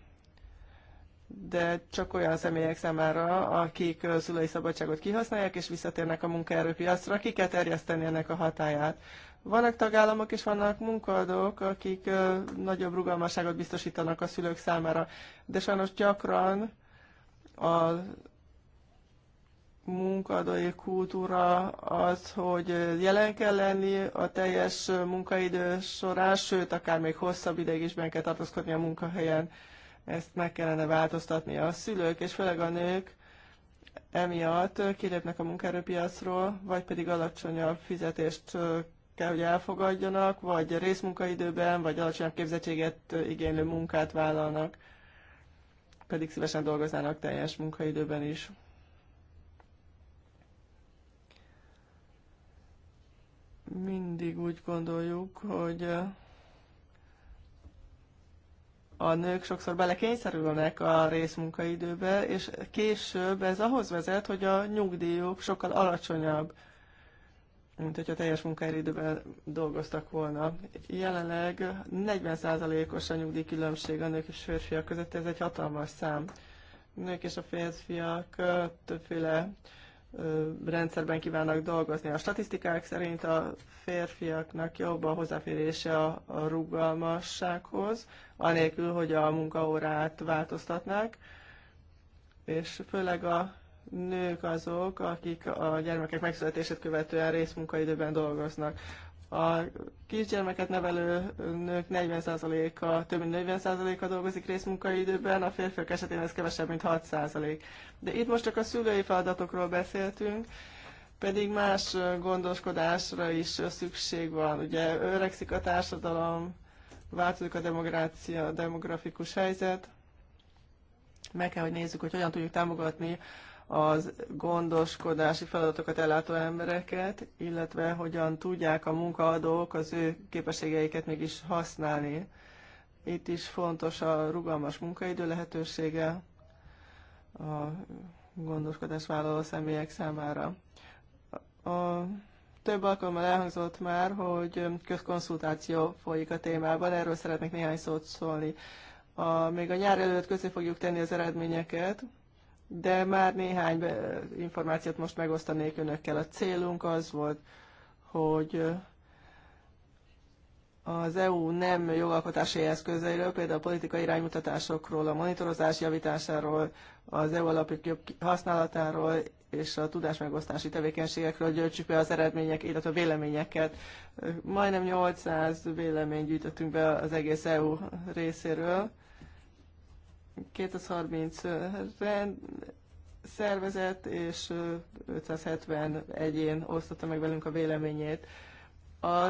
de csak olyan személyek számára, akik szülői szabadságot kihasználják és visszatérnek a munkaerőpiacra, ki kell terjeszteni ennek a hatáját. Vannak tagállamok és vannak munkadók, akik nagyobb rugalmasságot biztosítanak a szülők számára, de sajnos gyakran a munkadói kultúra az, hogy jelen kell lenni a teljes munkaidő során, sőt, akár még hosszabb ideig is benne kell tartózkodni a munkahelyen. Ezt meg kellene változtatni. A szülők és főleg a nők emiatt kilépnek a munkaerőpiacról, vagy pedig alacsonyabb fizetést kell, hogy elfogadjanak, vagy részmunkaidőben, vagy alacsonyabb képzettséget igénylő munkát vállalnak, pedig szívesen dolgoznának teljes munkaidőben is. mindig úgy gondoljuk, hogy a nők sokszor belekényszerülnek a részmunkaidőbe, és később ez ahhoz vezet, hogy a nyugdíjuk sokkal alacsonyabb, mint hogyha teljes munkaidőben dolgoztak volna. Jelenleg 40%-os a nyugdíjkülönbség a nők és férfiak között, ez egy hatalmas szám. A nők és a férfiak többféle rendszerben kívánnak dolgozni. A statisztikák szerint a férfiaknak jobb a hozzáférése a, rugalmassághoz, anélkül, hogy a munkaórát változtatnák, és főleg a nők azok, akik a gyermekek megszületését követően részmunkaidőben dolgoznak. A kisgyermeket nevelő nők 40%-a, több mint 40%-a dolgozik részmunkaidőben, a férfiak esetén ez kevesebb, mint 6%. De itt most csak a szülői feladatokról beszéltünk, pedig más gondoskodásra is szükség van. Ugye öregszik a társadalom, változik a demográfia, a demografikus helyzet, meg kell, hogy nézzük, hogy hogyan tudjuk támogatni az gondoskodási feladatokat ellátó embereket, illetve hogyan tudják a munkaadók az ő képességeiket mégis használni. Itt is fontos a rugalmas munkaidő lehetősége a gondoskodás vállaló személyek számára. A több alkalommal elhangzott már, hogy közkonszultáció folyik a témában, erről szeretnék néhány szót szólni. A, még a nyár előtt közé fogjuk tenni az eredményeket, de már néhány eh, információt most megosztanék önökkel. A célunk az volt, hogy eh, az EU nem jogalkotási eszközeiről, például a politikai iránymutatásokról, a monitorozás javításáról, az EU alapjuk jobb használatáról és a tudásmegosztási tevékenységekről gyöltsük be az eredmények, illetve a véleményeket. Eh, majdnem 800 véleményt gyűjtöttünk be az egész EU részéről 2030 rend, szervezet és 570 egyén osztotta meg velünk a véleményét. A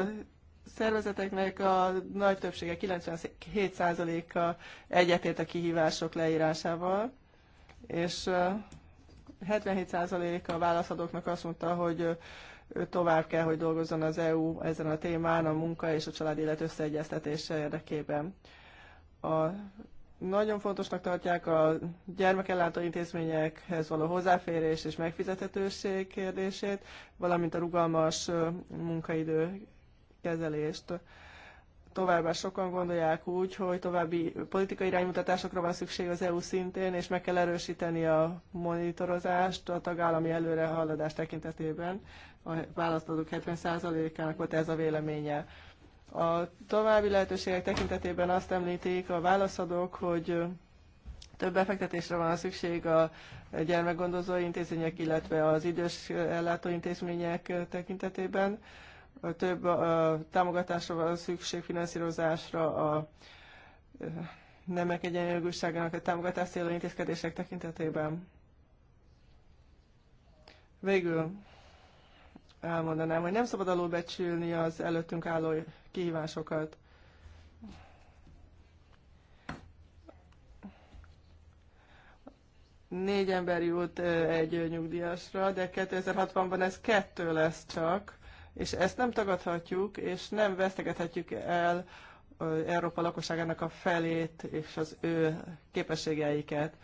szervezeteknek a nagy többsége, 97%-a egyetért a kihívások leírásával, és 77% a válaszadóknak azt mondta, hogy tovább kell, hogy dolgozzon az EU ezen a témán, a munka és a család élet összeegyeztetése érdekében. A nagyon fontosnak tartják a gyermekellátó intézményekhez való hozzáférés és megfizethetőség kérdését, valamint a rugalmas munkaidő kezelést. Továbbá sokan gondolják úgy, hogy további politikai iránymutatásokra van szükség az EU szintén, és meg kell erősíteni a monitorozást a tagállami előrehaladás tekintetében. A választadók 70%-ának volt ez a véleménye a további lehetőségek tekintetében azt említik a válaszadók, hogy több befektetésre van szükség a gyermekgondozó intézmények, illetve az idős ellátó intézmények tekintetében. Több a támogatásra van szükség, finanszírozásra a nemek egyenjogúságának a támogatás célú intézkedések tekintetében. Végül elmondanám, hogy nem szabad alulbecsülni az előttünk álló kihívásokat. Négy ember jut egy nyugdíjasra, de 2060-ban ez kettő lesz csak, és ezt nem tagadhatjuk, és nem vesztegethetjük el Európa lakosságának a felét és az ő képességeiket.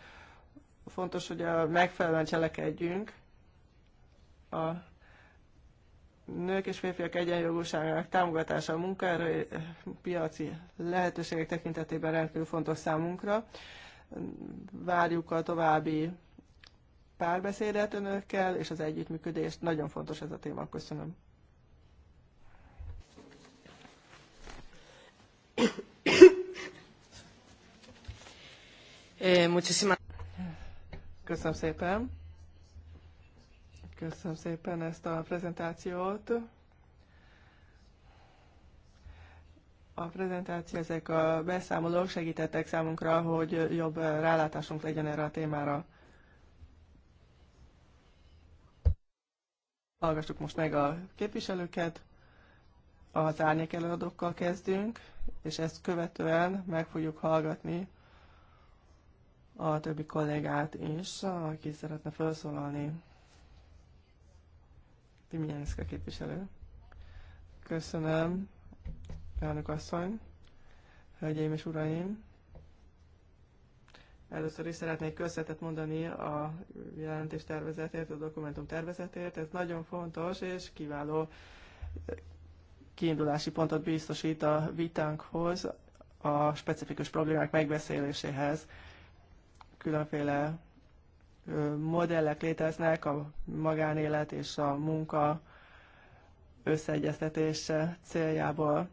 Fontos, hogy a megfelelően cselekedjünk. A nők és férfiak egyenjogúságának támogatása a munkaerő eh, piaci lehetőségek tekintetében rendkívül fontos számunkra. Várjuk a további párbeszédet önökkel, és az együttműködést. Nagyon fontos ez a téma. Köszönöm. Eh, Köszönöm szépen. Köszönöm szépen ezt a prezentációt. A prezentáció, ezek a beszámolók segítettek számunkra, hogy jobb rálátásunk legyen erre a témára. Hallgassuk most meg a képviselőket, az árnyék előadókkal kezdünk, és ezt követően meg fogjuk hallgatni a többi kollégát is, aki szeretne felszólalni. Timjánszka képviselő. Köszönöm, elnök asszony, hölgyeim és uraim. Először is szeretnék köszönetet mondani a jelentés tervezetért, a dokumentum tervezetért. Ez nagyon fontos és kiváló kiindulási pontot biztosít a vitánkhoz, a specifikus problémák megbeszéléséhez. Különféle modellek léteznek a magánélet és a munka összeegyeztetése céljából.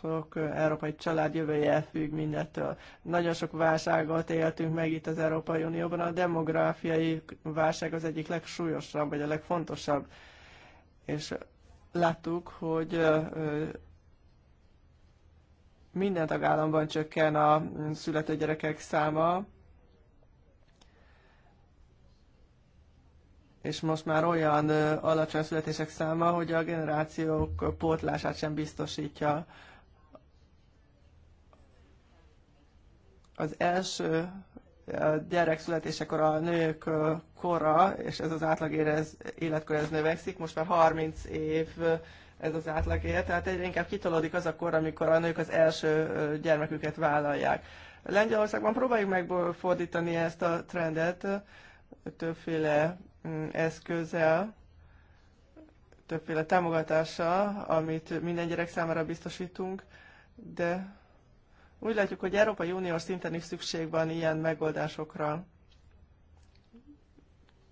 Sok európai család jövője függ mindettől. Nagyon sok válságot éltünk meg itt az Európai Unióban. A demográfiai válság az egyik legsúlyosabb, vagy a legfontosabb. És láttuk, hogy minden tagállamban csökken a születő gyerekek száma, és most már olyan alacsony születések száma, hogy a generációk pótlását sem biztosítja. Az első gyerek születésekor a nők kora, és ez az átlag érez, életkor ez növekszik, most már 30 év ez az átlag élet, tehát egyre inkább kitolódik az a kor, amikor a nők az első gyermeküket vállalják. Lengyelországban próbáljuk megfordítani ezt a trendet, többféle eszközzel, többféle támogatással, amit minden gyerek számára biztosítunk, de úgy látjuk, hogy Európai Unió szinten is szükség van ilyen megoldásokra.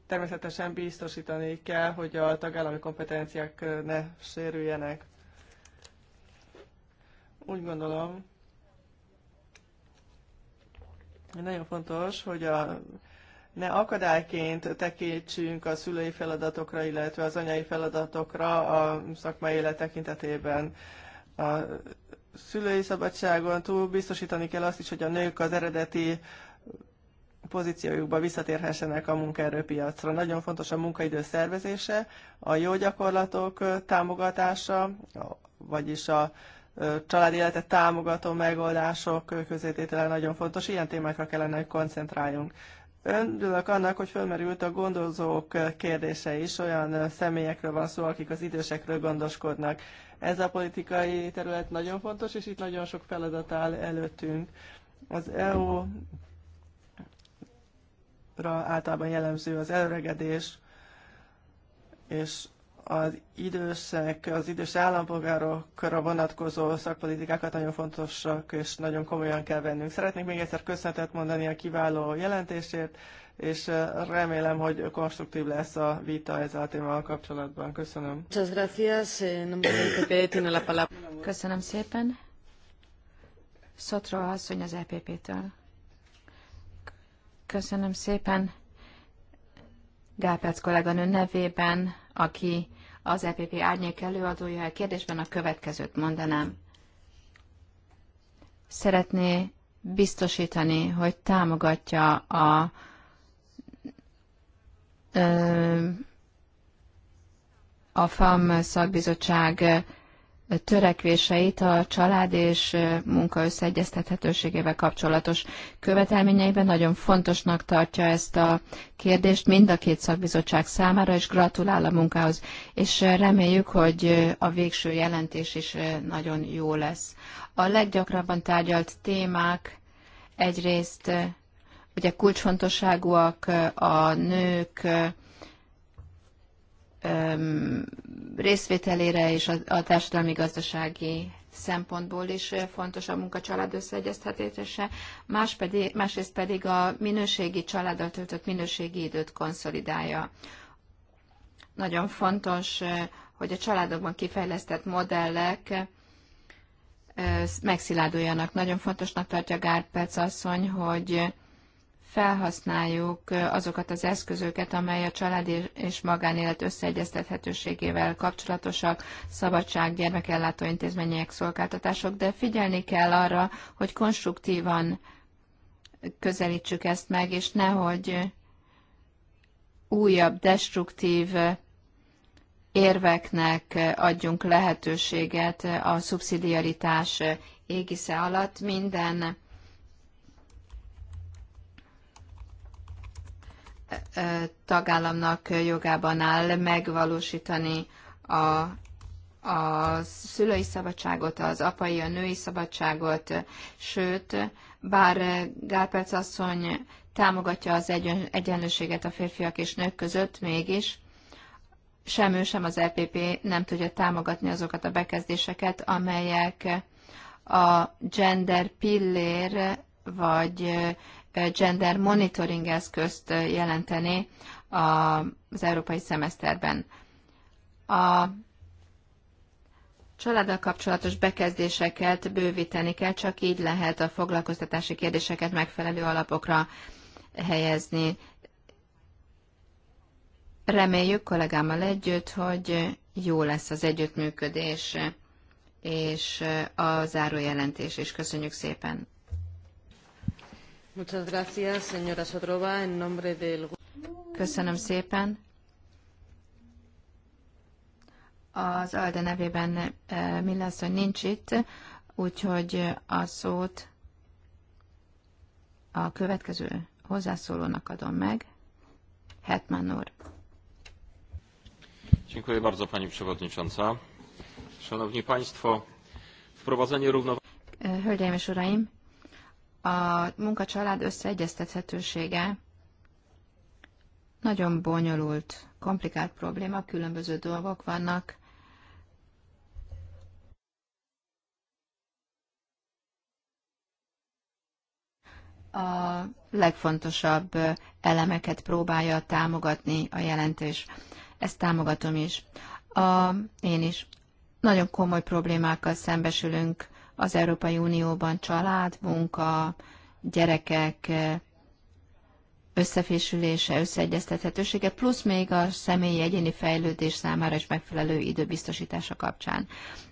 Természetesen biztosítani kell, hogy a tagállami kompetenciák ne sérüljenek. Úgy gondolom, nagyon fontos, hogy a ne akadályként tekintsünk a szülői feladatokra, illetve az anyai feladatokra a szakmai élet tekintetében. A szülői szabadságon túl biztosítani kell azt is, hogy a nők az eredeti pozíciójukba visszatérhessenek a munkaerőpiacra. Nagyon fontos a munkaidő szervezése, a jó gyakorlatok támogatása, vagyis a családi életet támogató megoldások közététele nagyon fontos. Ilyen témákra kellene, hogy koncentráljunk. Öndülök annak, hogy fölmerült a gondozók kérdése is, olyan személyekről van szó, akik az idősekről gondoskodnak. Ez a politikai terület nagyon fontos, és itt nagyon sok feladat áll előttünk. Az EU ra általában jellemző az előregedés, és az idősek, az idős állampolgárokra vonatkozó szakpolitikákat nagyon fontosak és nagyon komolyan kell vennünk. Szeretnék még egyszer köszönetet mondani a kiváló jelentésért, és remélem, hogy konstruktív lesz a vita ezzel a témával kapcsolatban. Köszönöm. Köszönöm szépen. Szotra asszony az EPP-től. Köszönöm szépen. Gápec kolléganő nevében aki az EPP árnyék előadója a kérdésben a következőt mondanám. Szeretné biztosítani, hogy támogatja a a FAM szakbizottság törekvéseit a család és munka összeegyeztethetőségével kapcsolatos követelményeiben. Nagyon fontosnak tartja ezt a kérdést mind a két szakbizottság számára, és gratulál a munkához, és reméljük, hogy a végső jelentés is nagyon jó lesz. A leggyakrabban tárgyalt témák egyrészt ugye kulcsfontosságúak a nők, részvételére és a társadalmi-gazdasági szempontból is fontos a munka család összeegyeztetése, más pedig, másrészt pedig a minőségi családdal töltött minőségi időt konszolidálja. Nagyon fontos, hogy a családokban kifejlesztett modellek megszilárduljanak. Nagyon fontosnak tartja Gárperc asszony, hogy felhasználjuk azokat az eszközöket, amely a család és magánélet összeegyeztethetőségével kapcsolatosak, szabadság, gyermekellátó intézmények, szolgáltatások, de figyelni kell arra, hogy konstruktívan közelítsük ezt meg, és nehogy újabb, destruktív érveknek adjunk lehetőséget a szubszidiaritás égisze alatt minden tagállamnak jogában áll megvalósítani a a szülői szabadságot, az apai, a női szabadságot, sőt, bár Gálperc asszony támogatja az egyen, egyenlőséget a férfiak és nők között, mégis sem ő, sem az EPP nem tudja támogatni azokat a bekezdéseket, amelyek a gender pillér vagy gender monitoring eszközt jelenteni az európai szemeszterben. A családdal kapcsolatos bekezdéseket bővíteni kell, csak így lehet a foglalkoztatási kérdéseket megfelelő alapokra helyezni. Reméljük kollégámmal együtt, hogy jó lesz az együttműködés és a zárójelentés is. Köszönjük szépen! Köszönöm szépen. Az Alde nevében eh, mi lesz, hogy nincs itt, úgyhogy a szót a következő hozzászólónak adom meg. Hetman úr. Dziękuję bardzo Pani Przewodnicząca. Szanowni Państwo, wprowadzenie równowagi... Eh, Hölgyeim és Uraim, a munkacsalád összeegyeztethetősége nagyon bonyolult, komplikált probléma, különböző dolgok vannak. A legfontosabb elemeket próbálja támogatni a jelentés. Ezt támogatom is. A, én is. Nagyon komoly problémákkal szembesülünk az Európai Unióban család, munka, gyerekek összefésülése, összeegyeztethetősége, plusz még a személyi egyéni fejlődés számára is megfelelő időbiztosítása kapcsán.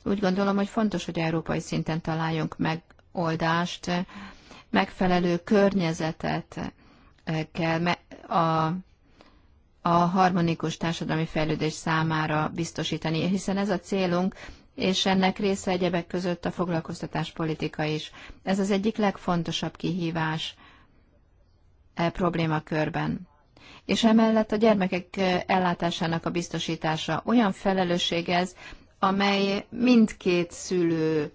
Úgy gondolom, hogy fontos, hogy európai szinten találjunk megoldást, megfelelő környezetet kell a, a harmonikus társadalmi fejlődés számára biztosítani, hiszen ez a célunk, és ennek része egyebek között a foglalkoztatás politika is. Ez az egyik legfontosabb kihívás e problémakörben. És emellett a gyermekek e, ellátásának a biztosítása olyan felelősség ez, amely mindkét szülő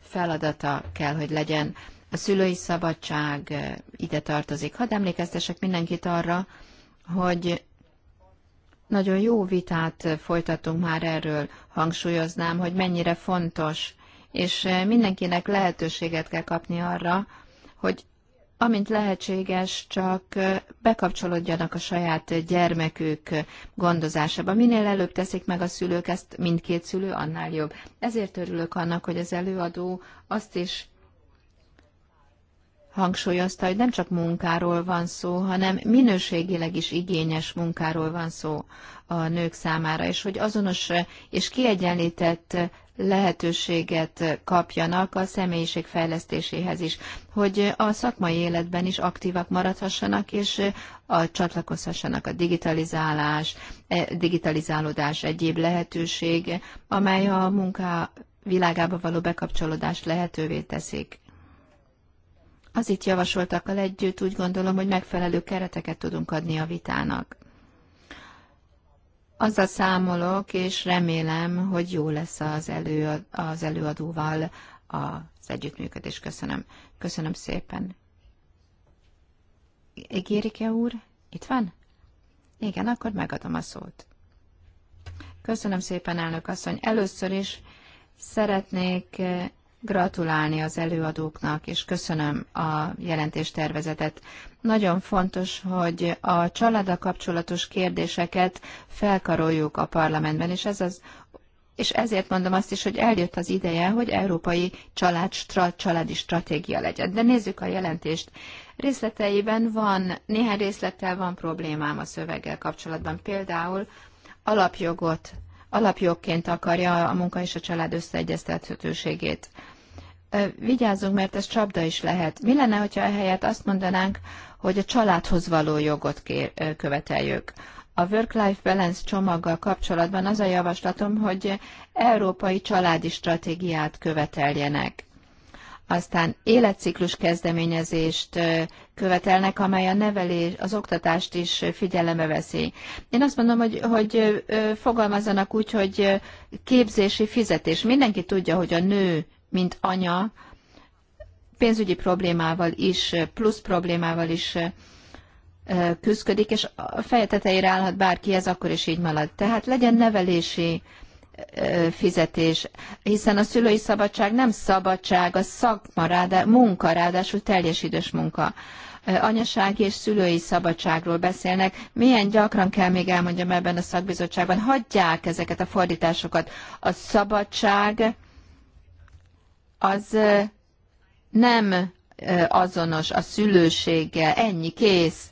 feladata kell, hogy legyen. A szülői szabadság e, ide tartozik. Hadd emlékeztesek mindenkit arra, hogy nagyon jó vitát eh, folytatunk már erről, hangsúlyoznám, hogy mennyire fontos, és eh, mindenkinek lehetőséget kell kapni arra, hogy amint lehetséges, csak eh, bekapcsolódjanak a saját gyermekük gondozásába. Minél előbb teszik meg a szülők, ezt mindkét szülő, annál jobb. Ezért örülök annak, hogy az előadó azt is hangsúlyozta, hogy nem csak munkáról van szó, hanem minőségileg is igényes munkáról van szó a nők számára, és hogy azonos és kiegyenlített lehetőséget kapjanak a személyiség fejlesztéséhez is, hogy a szakmai életben is aktívak maradhassanak, és a, csatlakozhassanak a digitalizálás, e, digitalizálódás egyéb lehetőség, amely a munka világába való bekapcsolódást lehetővé teszik. Az itt javasoltakkal együtt úgy gondolom, hogy megfelelő kereteket tudunk adni a vitának. Azzal számolok, és remélem, hogy jó lesz az, elő, az előadóval az együttműködés. Köszönöm. Köszönöm szépen. Gérike úr, itt van? Igen, akkor megadom a szót. Köszönöm szépen, elnök asszony. Először is szeretnék gratulálni az előadóknak, és köszönöm a jelentéstervezetet. Nagyon fontos, hogy a családa kapcsolatos kérdéseket felkaroljuk a parlamentben, és ez az és ezért mondom azt is, hogy eljött az ideje, hogy európai család, stra, családi stratégia legyen. De nézzük a jelentést. Részleteiben van, néhány részlettel van problémám a szöveggel kapcsolatban. Például alapjogot alapjogként akarja a munka és a család összeegyeztethetőségét. Vigyázzunk, mert ez csapda is lehet. Mi lenne, hogyha ehelyett azt mondanánk, hogy a családhoz való jogot kér, követeljük? A Work-Life Balance csomaggal kapcsolatban az a javaslatom, hogy európai családi stratégiát követeljenek aztán életciklus kezdeményezést követelnek, amely a nevelés, az oktatást is figyelembe veszi. Én azt mondom, hogy, hogy fogalmazzanak úgy, hogy képzési fizetés. Mindenki tudja, hogy a nő, mint anya, pénzügyi problémával is, plusz problémával is küzdik, és a feje tetejére állhat bárki, ez akkor is így marad. Tehát legyen nevelési fizetés, hiszen a szülői szabadság nem szabadság, a szakma, ráadá, munka, ráadásul teljes idős munka. Anyasági és szülői szabadságról beszélnek. Milyen gyakran kell még elmondjam ebben a szakbizottságban, hagyják ezeket a fordításokat. A szabadság az nem azonos a szülőséggel, ennyi, kész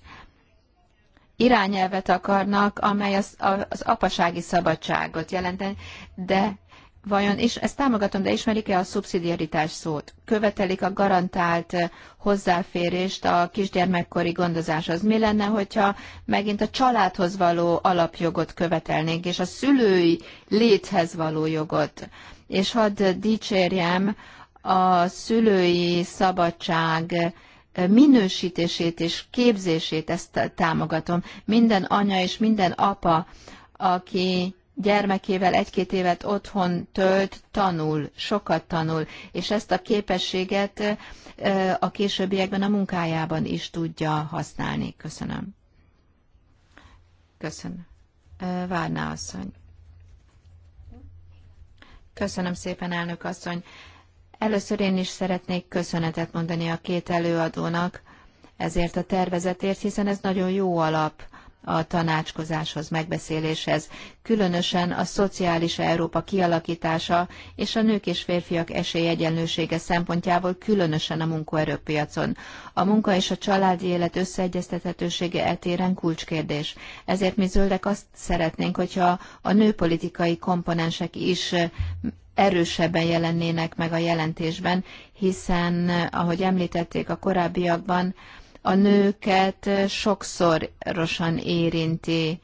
irányelvet akarnak, amely az, az apasági szabadságot jelenteni, de vajon, és ezt támogatom, de ismerik-e a szubszidiaritás szót? Követelik a garantált eh, hozzáférést a kisgyermekkori gondozáshoz. Mi lenne, hogyha megint a családhoz való alapjogot követelnénk, és a szülői léthez való jogot? És hadd dicsérjem a szülői szabadság minősítését és képzését, ezt támogatom. Minden anya és minden apa, aki gyermekével egy-két évet otthon tölt, tanul, sokat tanul, és ezt a képességet a későbbiekben a munkájában is tudja használni. Köszönöm. Köszönöm. Várná asszony. Köszönöm szépen, elnök asszony. Először én is szeretnék köszönetet mondani a két előadónak ezért a tervezetért, hiszen ez nagyon jó alap a tanácskozáshoz, megbeszéléshez, különösen a szociális Európa kialakítása és a nők és férfiak esélyegyenlősége szempontjából, különösen a munkaerőpiacon. A munka és a családi élet összeegyeztethetősége eltéren kulcskérdés. Ezért mi zöldek azt szeretnénk, hogyha a nőpolitikai komponensek is erősebben jelennének meg a jelentésben, hiszen, ahogy említették a korábbiakban, a nőket sokszorosan érinti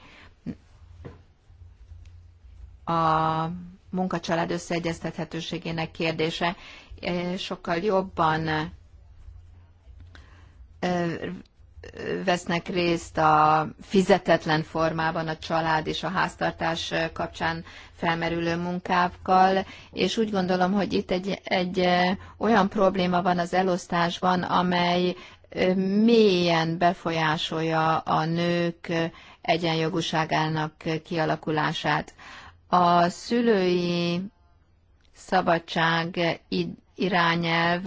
a munkacsalád összeegyeztethetőségének kérdése sokkal jobban vesznek részt a fizetetlen formában a család és a háztartás kapcsán felmerülő munkákkal, és úgy gondolom, hogy itt egy, egy olyan probléma van az elosztásban, amely mélyen befolyásolja a nők egyenjogúságának kialakulását. A szülői szabadság irányelv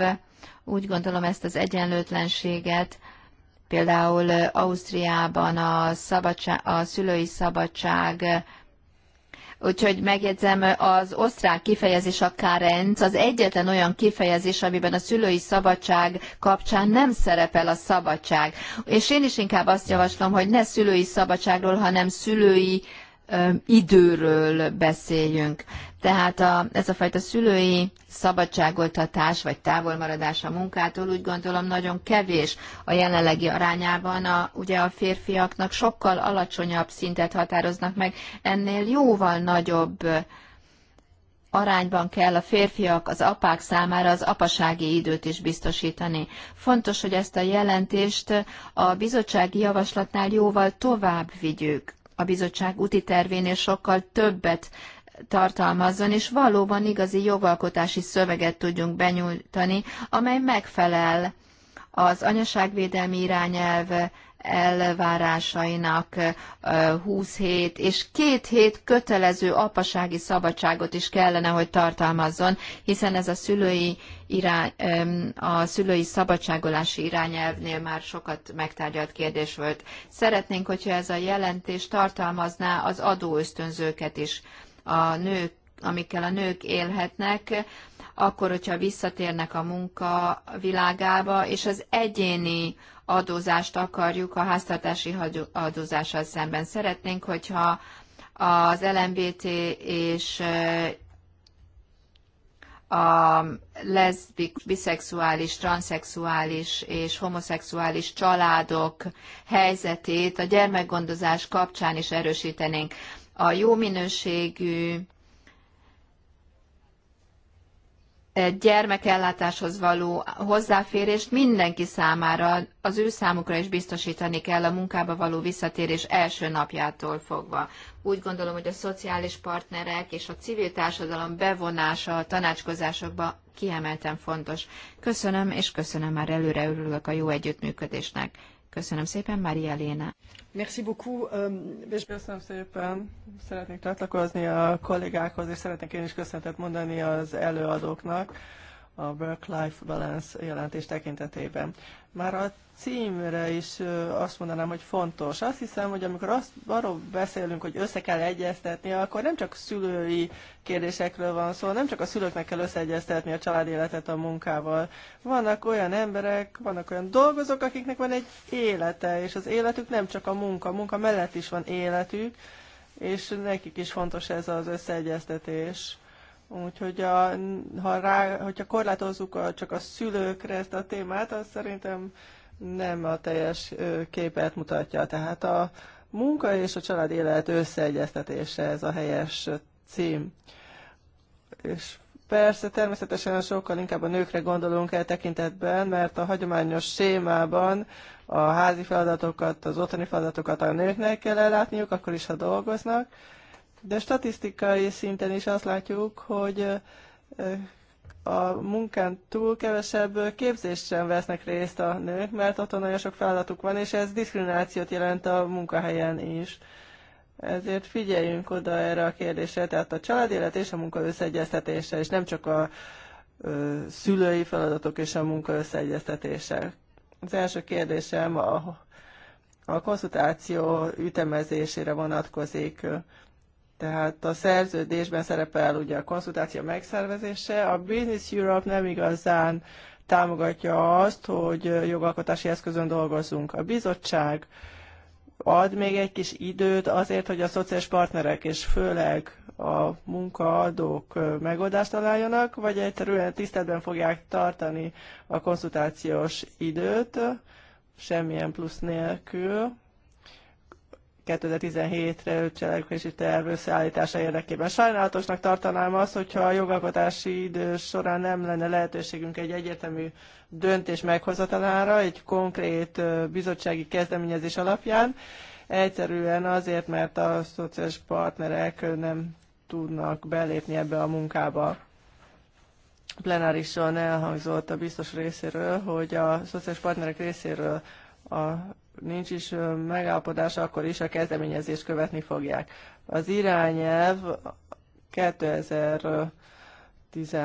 úgy gondolom ezt az egyenlőtlenséget Például Ausztriában a, szabadság, a szülői szabadság Úgyhogy megjegyzem, az osztrák kifejezés a karenc az egyetlen olyan kifejezés, amiben a szülői szabadság kapcsán nem szerepel a szabadság. És én is inkább azt javaslom, hogy ne szülői szabadságról, hanem szülői időről beszéljünk. Tehát a, ez a fajta szülői szabadságoltatás vagy távolmaradás a munkától úgy gondolom nagyon kevés a jelenlegi arányában. A, ugye a férfiaknak sokkal alacsonyabb szintet határoznak meg, ennél jóval nagyobb arányban kell a férfiak, az apák számára az apasági időt is biztosítani. Fontos, hogy ezt a jelentést a bizottsági javaslatnál jóval tovább vigyük a bizottság úti tervénél sokkal többet tartalmazzon, és valóban igazi jogalkotási szöveget tudjunk benyújtani, amely megfelel az anyaságvédelmi irányelv elvárásainak 27 hét és két hét kötelező apasági szabadságot is kellene, hogy tartalmazzon, hiszen ez a szülői, irány, a szülői szabadságolási irányelvnél már sokat megtárgyalt kérdés volt. Szeretnénk, hogyha ez a jelentés tartalmazná az adóösztönzőket is, a nők, amikkel a nők élhetnek, akkor, hogyha visszatérnek a munka világába, és az egyéni adózást akarjuk a háztartási adózással szemben. Szeretnénk, hogyha az LMBT és a leszbik, biszexuális, transzexuális és homoszexuális családok helyzetét a gyermekgondozás kapcsán is erősítenénk. A jó minőségű gyermekellátáshoz való hozzáférést mindenki számára, az ő számukra is biztosítani kell a munkába való visszatérés első napjától fogva. Úgy gondolom, hogy a szociális partnerek és a civil társadalom bevonása a tanácskozásokba kiemelten fontos. Köszönöm, és köszönöm már előre örülök a jó együttműködésnek. Köszönöm szépen, Maria Léna. Merci beaucoup. És um, köszönöm szépen. Szeretnék csatlakozni a kollégákhoz, és szeretnék én is köszönetet mondani az előadóknak a work-life balance jelentés tekintetében. Már a címre is azt mondanám, hogy fontos. Azt hiszem, hogy amikor azt, arról beszélünk, hogy össze kell egyeztetni, akkor nem csak szülői kérdésekről van szó, nem csak a szülőknek kell összeegyeztetni a család életet a munkával. Vannak olyan emberek, vannak olyan dolgozók, akiknek van egy élete, és az életük nem csak a munka, a munka mellett is van életük, és nekik is fontos ez az összeegyeztetés Úgyhogy a, ha rá, hogyha korlátozzuk a, csak a szülőkre ezt a témát, az szerintem nem a teljes képet mutatja. Tehát a munka és a család élet összeegyeztetése ez a helyes cím. És persze természetesen sokkal inkább a nőkre gondolunk el tekintetben, mert a hagyományos sémában a házi feladatokat, az otthoni feladatokat a nőknek kell ellátniuk, akkor is, ha dolgoznak de statisztikai szinten is azt látjuk, hogy a munkán túl kevesebb sem vesznek részt a nők, mert otthon nagyon sok feladatuk van, és ez diszkriminációt jelent a munkahelyen is. Ezért figyeljünk oda erre a kérdésre, tehát a családélet és a munka összeegyeztetése, és nem csak a ö, szülői feladatok és a munka összeegyeztetése. Az első kérdésem a, a konszultáció ütemezésére vonatkozik. Tehát a szerződésben szerepel ugye a konzultáció megszervezése. A Business Europe nem igazán támogatja azt, hogy jogalkotási eszközön dolgozzunk. A bizottság ad még egy kis időt azért, hogy a szociális partnerek és főleg a munkaadók megoldást találjanak, vagy egyszerűen tiszteletben fogják tartani a konzultációs időt, semmilyen plusz nélkül, 2017-re cselekvési terv összeállítása érdekében. Sajnálatosnak tartanám azt, hogyha a jogalkotási idő során nem lenne lehetőségünk egy egyértelmű döntés meghozatalára, egy konkrét bizottsági kezdeményezés alapján, egyszerűen azért, mert a szociális partnerek nem tudnak belépni ebbe a munkába plenárison elhangzott a biztos részéről, hogy a szociális partnerek részéről a nincs is megállapodás, akkor is a kezdeményezést követni fogják. Az irányelv 2010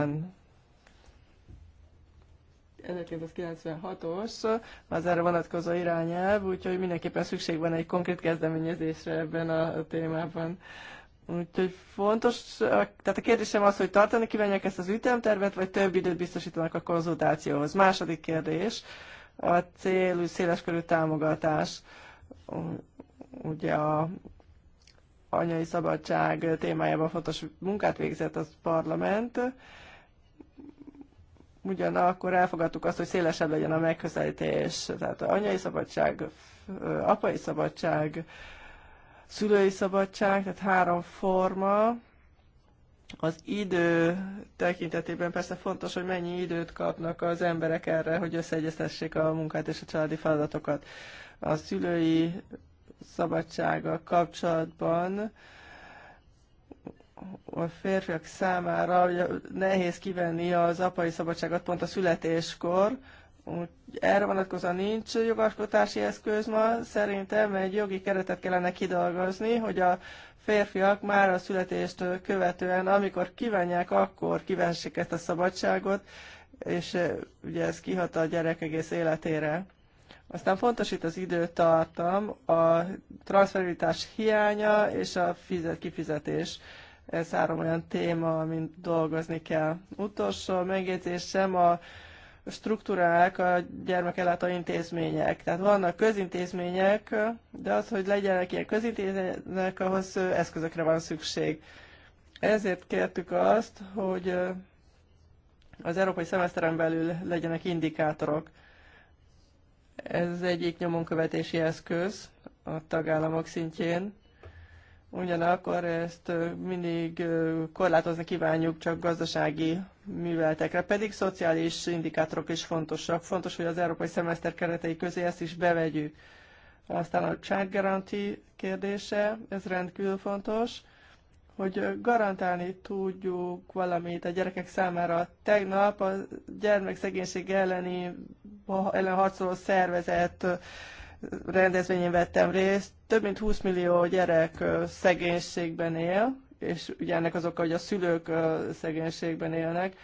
1996-os az erre vonatkozó irányelv, úgyhogy mindenképpen szükség van egy konkrét kezdeményezésre ebben a témában. Úgyhogy fontos, tehát a kérdésem az, hogy tartani kívánják ezt az ütemtervet, vagy több időt biztosítanak a konzultációhoz. Második kérdés, a cél célú széleskörű támogatás. Ugye a anyai szabadság témájában fontos munkát végzett az parlament, ugyanakkor elfogadtuk azt, hogy szélesebb legyen a megközelítés, tehát anyai szabadság, apai szabadság, szülői szabadság, tehát három forma, az idő tekintetében persze fontos, hogy mennyi időt kapnak az emberek erre, hogy összeegyeztessék a munkát és a családi feladatokat. A szülői szabadsága kapcsolatban a férfiak számára nehéz kivenni az apai szabadságot pont a születéskor, úgy, erre vonatkozóan nincs jogalkotási eszköz ma. Szerintem egy jogi keretet kellene kidolgozni, hogy a férfiak már a születést követően, amikor kívánják, akkor kivessék ezt a szabadságot, és eh, ugye ez kihat a gyerek egész életére. Aztán fontos itt az időtartam, a transferitás hiánya és a fizet, kifizetés. Ez három olyan téma, amin dolgozni kell. Utolsó megjegyzésem a struktúrák a gyermekellátó intézmények. Tehát vannak közintézmények, de az, hogy legyenek ilyen közintézmények, ahhoz eszközökre van szükség. Ezért kértük azt, hogy az európai szemeszteren belül legyenek indikátorok. Ez az egyik nyomonkövetési eszköz a tagállamok szintjén. Ugyanakkor ezt mindig korlátozni kívánjuk csak gazdasági műveltekre, pedig szociális indikátorok is fontosak. Fontos, hogy az európai szemeszter keretei közé ezt is bevegyük. Aztán a child guarantee kérdése, ez rendkívül fontos, hogy garantálni tudjuk valamit a gyerekek számára. Tegnap a gyermekszegénység elleni ellen harcoló szervezet rendezvényén vettem részt. Több mint 20 millió gyerek szegénységben él, és ugye ennek az oka, hogy a szülők szegénységben élnek.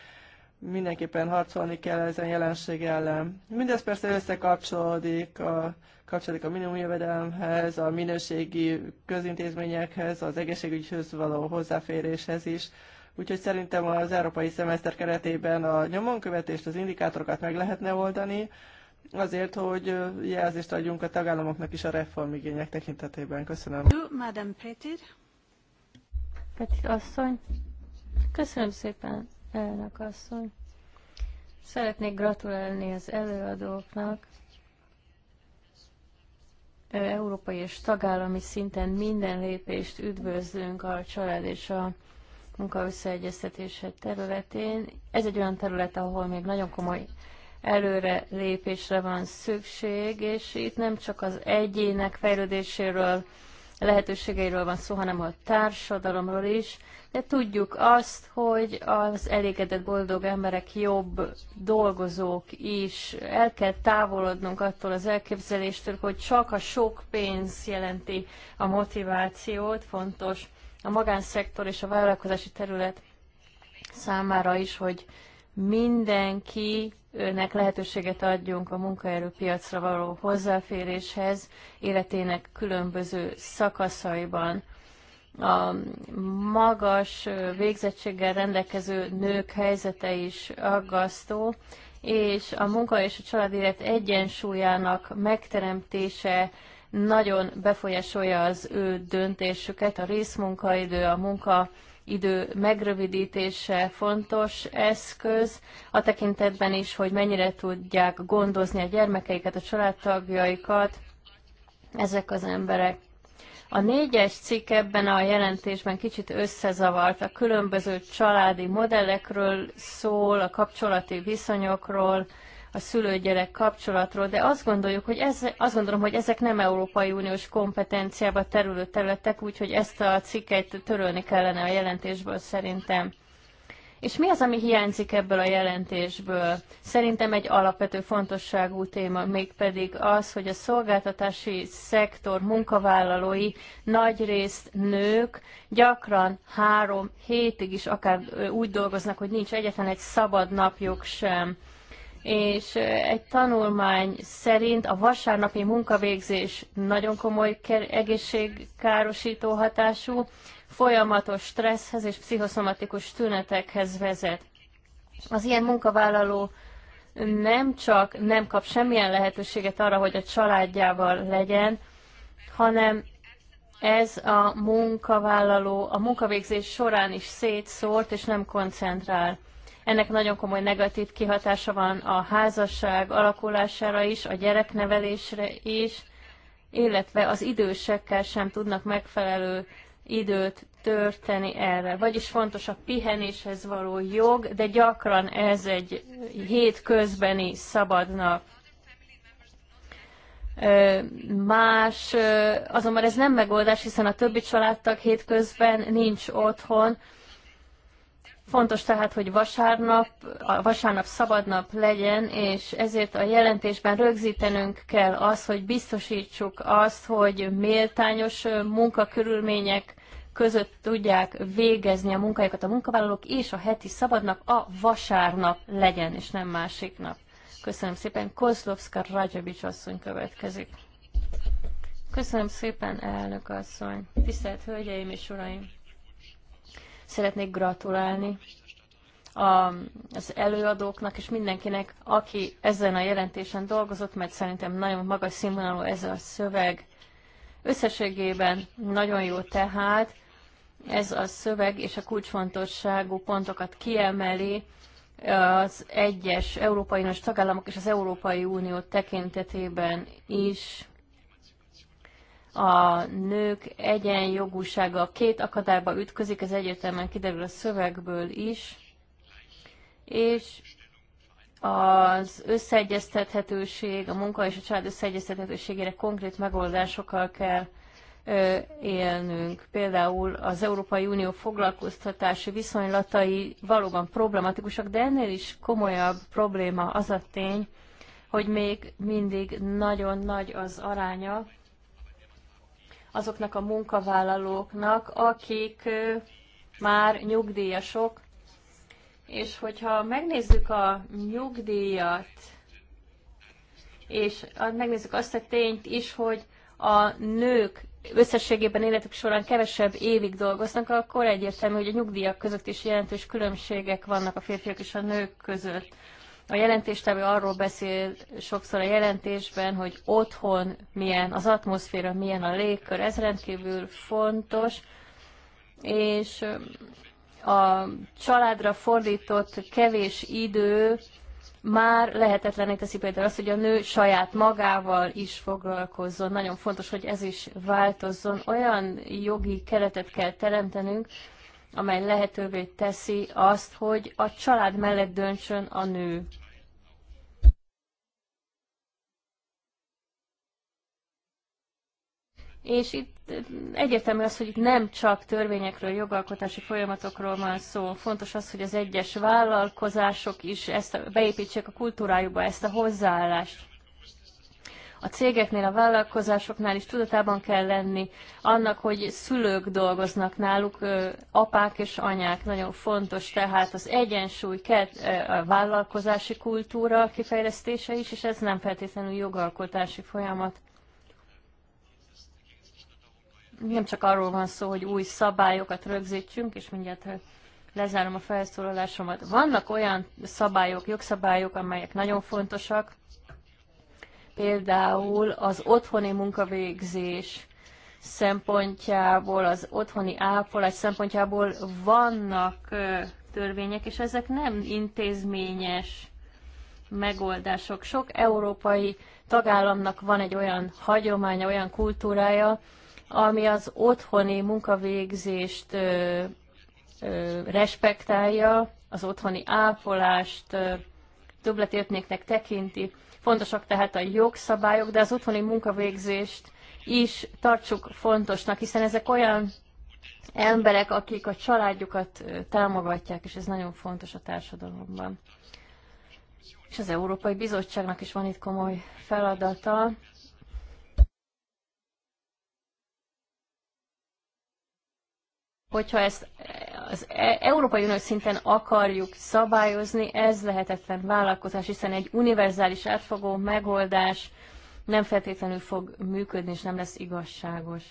Mindenképpen harcolni kell ezen jelenség ellen. Mindez persze összekapcsolódik a, kapcsolódik a minimumjövedelemhez, a minőségi közintézményekhez, az egészségügyhöz való hozzáféréshez is. Úgyhogy szerintem az európai szemeszter keretében a nyomonkövetést, az indikátorokat meg lehetne oldani, azért, hogy jelzést adjunk a tagállamoknak is a reformigények tekintetében. Köszönöm. Madam Petir. Petir asszony. Köszönöm szépen, elnök asszony. Szeretnék gratulálni az előadóknak. Európai és tagállami szinten minden lépést üdvözlünk a család és a munka összeegyeztetése területén. Ez egy olyan terület, ahol még nagyon komoly előre lépésre van szükség, és itt nem csak az egyének fejlődéséről, lehetőségeiről van szó, hanem a társadalomról is, de tudjuk azt, hogy az elégedett boldog emberek jobb dolgozók is. El kell távolodnunk attól az elképzeléstől, hogy csak a sok pénz jelenti a motivációt, fontos a magánszektor és a vállalkozási terület számára is, hogy mindenki nek lehetőséget adjunk a munkaerőpiacra való hozzáféréshez életének különböző szakaszaiban. A magas végzettséggel rendelkező nők helyzete is aggasztó, és a munka és a család élet egyensúlyának megteremtése nagyon befolyásolja az ő döntésüket, a részmunkaidő, a munka idő megrövidítése fontos eszköz, a tekintetben is, hogy mennyire tudják gondozni a gyermekeiket, a családtagjaikat, ezek az emberek. A négyes cikk ebben a jelentésben kicsit összezavart. A különböző családi modellekről szól, a kapcsolati viszonyokról, a szülőgyerek kapcsolatról, de azt gondoljuk, hogy ez, azt gondolom, hogy ezek nem Európai Uniós kompetenciába terülő területek, úgyhogy ezt a cikket törölni kellene a jelentésből szerintem. És mi az, ami hiányzik ebből a jelentésből? Szerintem egy alapvető fontosságú téma, mégpedig az, hogy a szolgáltatási szektor munkavállalói nagyrészt nők gyakran három hétig is akár úgy dolgoznak, hogy nincs egyetlen egy szabad napjuk sem és egy tanulmány szerint a vasárnapi munkavégzés nagyon komoly egészségkárosító hatású, folyamatos stresszhez és pszichoszomatikus tünetekhez vezet. Az ilyen munkavállaló nem csak nem kap semmilyen lehetőséget arra, hogy a családjával legyen, hanem ez a munkavállaló a munkavégzés során is szétszórt és nem koncentrál. Ennek nagyon komoly negatív kihatása van a házasság alakulására is, a gyereknevelésre is, illetve az idősekkel sem tudnak megfelelő időt törteni erre. Vagyis fontos a pihenéshez való jog, de gyakran ez egy hétközbeni szabadnap más, azonban ez nem megoldás, hiszen a többi családtag hétközben nincs otthon, Fontos tehát, hogy vasárnap, a vasárnap szabad nap legyen, és ezért a jelentésben rögzítenünk kell azt, hogy biztosítsuk azt, hogy méltányos munkakörülmények között tudják végezni a munkájukat a munkavállalók, és a heti szabadnap a vasárnap legyen, és nem másik nap. Köszönöm szépen. Kozlovska Rajabics asszony következik. Köszönöm szépen, elnök asszony. Tisztelt Hölgyeim és Uraim! Szeretnék gratulálni az előadóknak és mindenkinek, aki ezen a jelentésen dolgozott, mert szerintem nagyon magas színvonalú ez a szöveg. Összességében nagyon jó tehát, ez a szöveg és a kulcsfontosságú pontokat kiemeli az egyes Európai Uniós tagállamok és az Európai Unió tekintetében is a nők egyenjogúsága a két akadályba ütközik, ez egyértelműen kiderül a szövegből is, és az összeegyeztethetőség, a munka és a család összeegyeztethetőségére konkrét megoldásokkal kell élnünk. Például az Európai Unió foglalkoztatási viszonylatai valóban problematikusak, de ennél is komolyabb probléma az a tény, hogy még mindig nagyon nagy az aránya azoknak a munkavállalóknak, akik már nyugdíjasok, és hogyha megnézzük a nyugdíjat, és megnézzük azt a tényt is, hogy a nők összességében életük során kevesebb évig dolgoznak, akkor egyértelmű, hogy a nyugdíjak között is jelentős különbségek vannak a férfiak és a nők között. A jelentéstevő arról beszél sokszor a jelentésben, hogy otthon milyen az atmoszféra, milyen a légkör, ez rendkívül fontos, és a családra fordított kevés idő már lehetetlené teszi például azt, hogy a nő saját magával is foglalkozzon. Nagyon fontos, hogy ez is változzon. Olyan jogi keretet kell teremtenünk, amely lehetővé teszi azt, hogy a család mellett döntsön a nő. És itt egyértelmű az, hogy itt nem csak törvényekről, jogalkotási folyamatokról van szó. Fontos az, hogy az egyes vállalkozások is ezt a, beépítsék a kultúrájukba ezt a hozzáállást. A cégeknél, a vállalkozásoknál is tudatában kell lenni annak, hogy szülők dolgoznak náluk, apák és anyák, nagyon fontos tehát az egyensúly, a vállalkozási kultúra kifejlesztése is, és ez nem feltétlenül jogalkotási folyamat nem csak arról van szó, hogy új szabályokat rögzítsünk, és mindjárt lezárom a felszólalásomat. Vannak olyan szabályok, jogszabályok, amelyek nagyon fontosak, például az otthoni munkavégzés szempontjából, az otthoni ápolás szempontjából vannak törvények, és ezek nem intézményes megoldások. Sok európai tagállamnak van egy olyan hagyománya, olyan kultúrája, ami az otthoni munkavégzést ö, ö, respektálja, az otthoni ápolást ö, többletértéknek tekinti. Fontosak tehát a jogszabályok, de az otthoni munkavégzést is tartsuk fontosnak, hiszen ezek olyan emberek, akik a családjukat támogatják, és ez nagyon fontos a társadalomban. És az Európai Bizottságnak is van itt komoly feladata. Hogyha ezt az e- Európai Unió szinten akarjuk szabályozni, ez lehetetlen vállalkozás, hiszen egy univerzális átfogó megoldás nem feltétlenül fog működni, és nem lesz igazságos.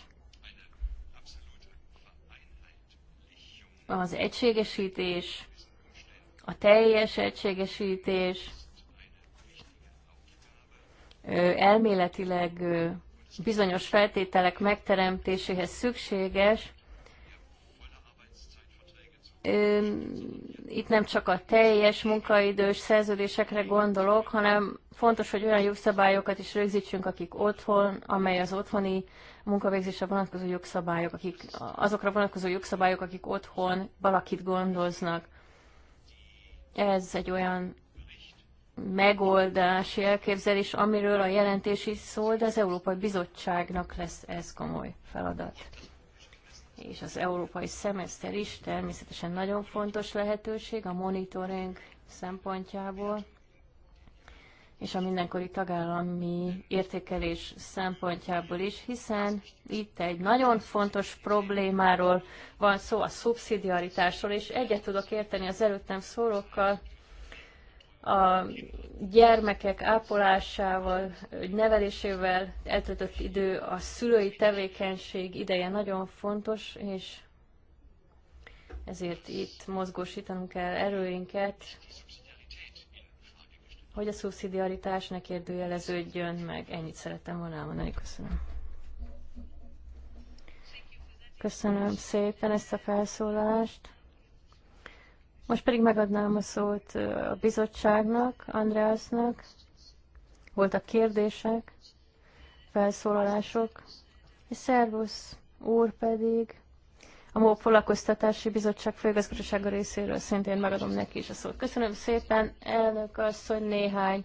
Az egységesítés, a teljes egységesítés elméletileg bizonyos feltételek megteremtéséhez szükséges, itt nem csak a teljes munkaidős szerződésekre gondolok, hanem fontos, hogy olyan jogszabályokat is rögzítsünk, akik otthon, amely az otthoni munkavégzésre vonatkozó jogszabályok, akik, azokra vonatkozó jogszabályok, akik otthon valakit gondoznak. Ez egy olyan megoldási elképzelés, amiről a jelentés is szól, de az Európai Bizottságnak lesz ez komoly feladat és az európai szemeszter is természetesen nagyon fontos lehetőség a monitoring szempontjából, és a mindenkori tagállami értékelés szempontjából is, hiszen itt egy nagyon fontos problémáról van szó, a szubszidiaritásról, és egyet tudok érteni az előttem szórókkal, a gyermekek ápolásával, nevelésével eltöltött idő, a szülői tevékenység ideje nagyon fontos, és ezért itt mozgósítanunk kell erőinket, hogy a szubszidiaritás ne kérdőjeleződjön meg. Ennyit szerettem volna elmondani. Köszönöm. Köszönöm szépen ezt a felszólalást. Most pedig megadnám a szót a bizottságnak, Andreasnak. Voltak kérdések, felszólalások, és Szervusz úr pedig a MOP foglalkoztatási bizottság főgazgatósága részéről szintén megadom neki is a szót. Köszönöm szépen, elnök asszony, néhány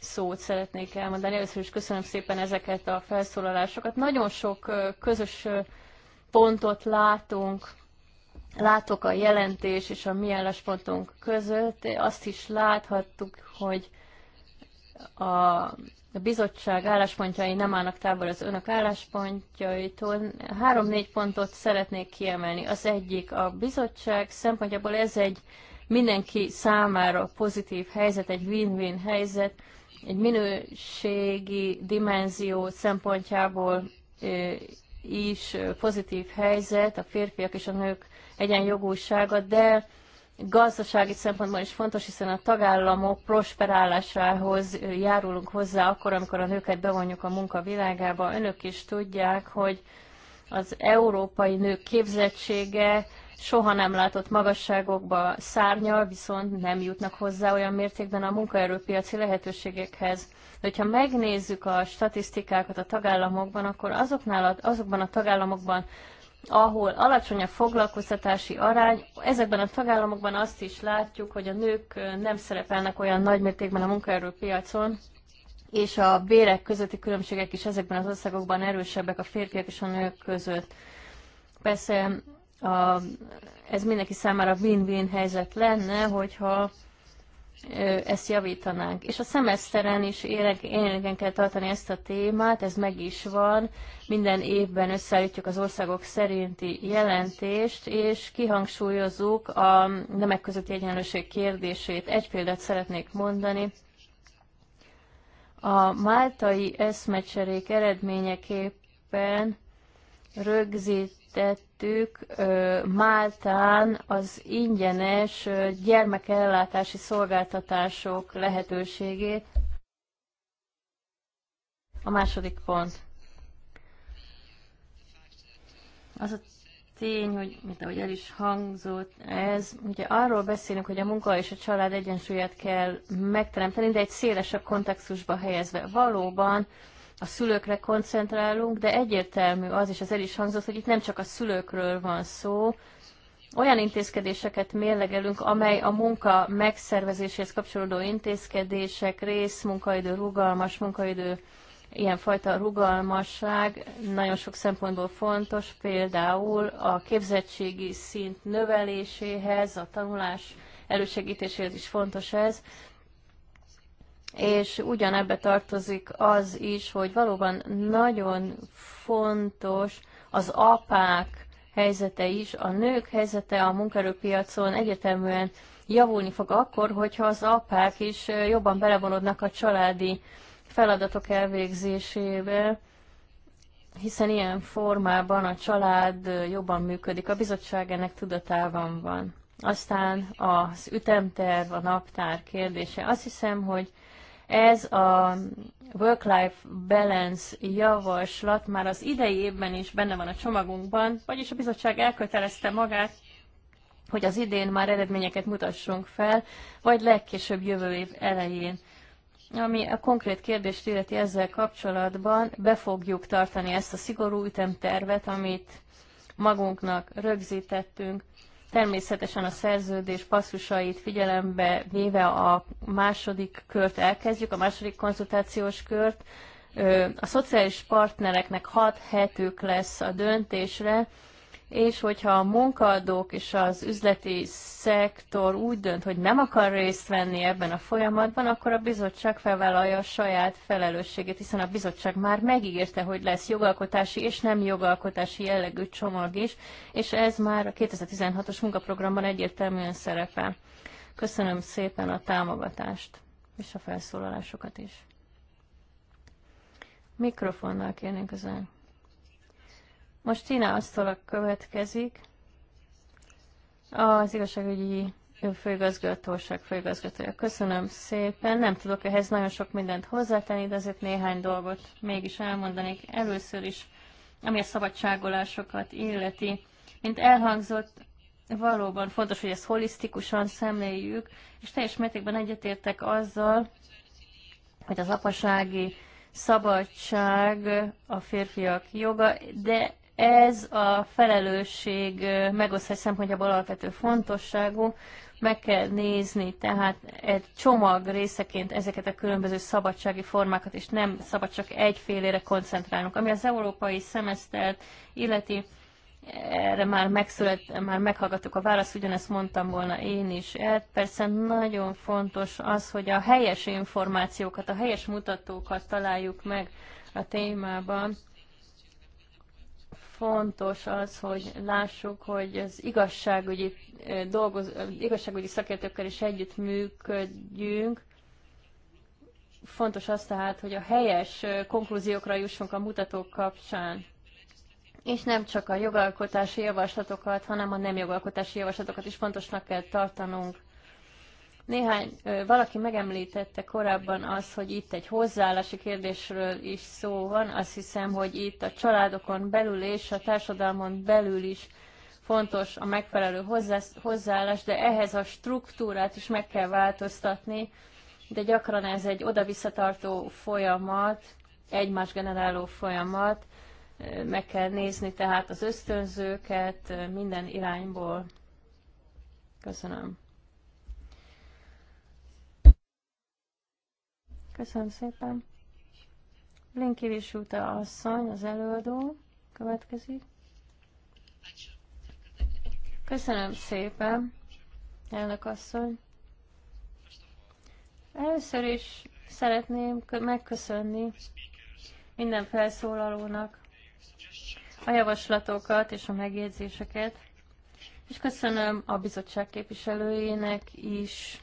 szót szeretnék elmondani. Először is köszönöm szépen ezeket a felszólalásokat. Nagyon sok közös pontot látunk látok a jelentés és a mi álláspontunk között, azt is láthattuk, hogy a bizottság álláspontjai nem állnak távol az önök álláspontjaitól. Három-négy pontot szeretnék kiemelni. Az egyik, a bizottság szempontjából ez egy mindenki számára pozitív helyzet, egy win-win helyzet, egy minőségi dimenzió szempontjából is pozitív helyzet, a férfiak és a nők egyenjogúsága, de gazdasági szempontból is fontos, hiszen a tagállamok prosperálásához járulunk hozzá akkor, amikor a nőket bevonjuk a munka világába. Önök is tudják, hogy az európai nők képzettsége soha nem látott magasságokba szárnyal, viszont nem jutnak hozzá olyan mértékben a munkaerőpiaci lehetőségekhez. De hogyha megnézzük a statisztikákat a tagállamokban, akkor azoknál, azokban a tagállamokban, ahol alacsony a foglalkoztatási arány, ezekben a tagállamokban azt is látjuk, hogy a nők nem szerepelnek olyan nagy mértékben a munkaerőpiacon, és a bérek közötti különbségek is ezekben az országokban erősebbek a férfiak és a nők között. Persze a, ez mindenki számára win-win helyzet lenne, hogyha ezt javítanánk. És a szemeszteren is élénken kell tartani ezt a témát, ez meg is van. Minden évben összeállítjuk az országok szerinti jelentést, és kihangsúlyozzuk a nemek közötti egyenlőség kérdését. Egy példát szeretnék mondani. A máltai eszmecserék eredményeképpen rögzít említettük, Máltán az ingyenes gyermekellátási szolgáltatások lehetőségét. A második pont. Az a tény, hogy mint ahogy el is hangzott, ez ugye arról beszélünk, hogy a munka és a család egyensúlyát kell megteremteni, de egy szélesebb kontextusba helyezve. Valóban a szülőkre koncentrálunk, de egyértelmű az, és ez el is hangzott, hogy itt nem csak a szülőkről van szó, olyan intézkedéseket mérlegelünk, amely a munka megszervezéséhez kapcsolódó intézkedések, rész, munkaidő, rugalmas munkaidő, ilyenfajta rugalmasság nagyon sok szempontból fontos, például a képzettségi szint növeléséhez, a tanulás elősegítéséhez is fontos ez, és ugyanebbe tartozik az is, hogy valóban nagyon fontos az apák helyzete is, a nők helyzete a munkerőpiacon egyeteműen javulni fog akkor, hogyha az apák is jobban belevonodnak a családi feladatok elvégzésébe, hiszen ilyen formában a család jobban működik, a bizottság ennek tudatában van. Aztán az ütemterv, a naptár kérdése. Azt hiszem, hogy ez a work-life balance javaslat már az idei évben is benne van a csomagunkban, vagyis a bizottság elkötelezte magát, hogy az idén már eredményeket mutassunk fel, vagy legkésőbb jövő év elején. Ami a konkrét kérdést illeti ezzel kapcsolatban, be fogjuk tartani ezt a szigorú ütemtervet, amit magunknak rögzítettünk. Természetesen a szerződés passzusait figyelembe véve a második kört elkezdjük, a második konzultációs kört. A szociális partnereknek hat hetük lesz a döntésre, és hogyha a munkaadók és az üzleti szektor úgy dönt, hogy nem akar részt venni ebben a folyamatban, akkor a bizottság felvállalja a saját felelősségét, hiszen a bizottság már megígérte, hogy lesz jogalkotási és nem jogalkotási jellegű csomag is, és ez már a 2016-os munkaprogramban egyértelműen szerepel. Köszönöm szépen a támogatást és a felszólalásokat is. Mikrofonnal kérnénk az el. Most Tina Asztalak következik, az igazságügyi főigazgatóság főigazgatója. Köszönöm szépen. Nem tudok ehhez nagyon sok mindent hozzátenni, de azért néhány dolgot mégis elmondanék. Először is, ami a szabadságolásokat illeti. Mint elhangzott, valóban fontos, hogy ezt holisztikusan szemléljük, és teljes mértékben egyetértek azzal, hogy az apasági szabadság a férfiak joga, de ez a felelősség megosztás szempontjából alapvető fontosságú, meg kell nézni, tehát egy csomag részeként ezeket a különböző szabadsági formákat, és nem szabad csak egyfélére koncentrálnunk. Ami az európai szemesztelt illeti, erre már megszület, már meghallgattuk a választ, ugyanezt mondtam volna én is. Ez persze nagyon fontos az, hogy a helyes információkat, a helyes mutatókat találjuk meg a témában fontos az, hogy lássuk, hogy az igazságügyi, eh, dolgoz, eh, igazságügyi szakértőkkel is együtt működjünk. Fontos az tehát, hogy a helyes eh, konklúziókra jussunk a mutatók kapcsán. És nem csak a jogalkotási javaslatokat, hanem a nem jogalkotási javaslatokat is fontosnak kell tartanunk. Néhány, valaki megemlítette korábban az, hogy itt egy hozzáállási kérdésről is szó van. Azt hiszem, hogy itt a családokon belül és a társadalmon belül is fontos a megfelelő hozzáállás, de ehhez a struktúrát is meg kell változtatni, de gyakran ez egy oda-visszatartó folyamat, egymás generáló folyamat, meg kell nézni tehát az ösztönzőket minden irányból. Köszönöm. Köszönöm szépen. Blinkivis úta asszony, az előadó következik. Köszönöm szépen, elnök asszony. Először is szeretném megköszönni minden felszólalónak a javaslatokat és a megjegyzéseket, és köszönöm a bizottság képviselőjének is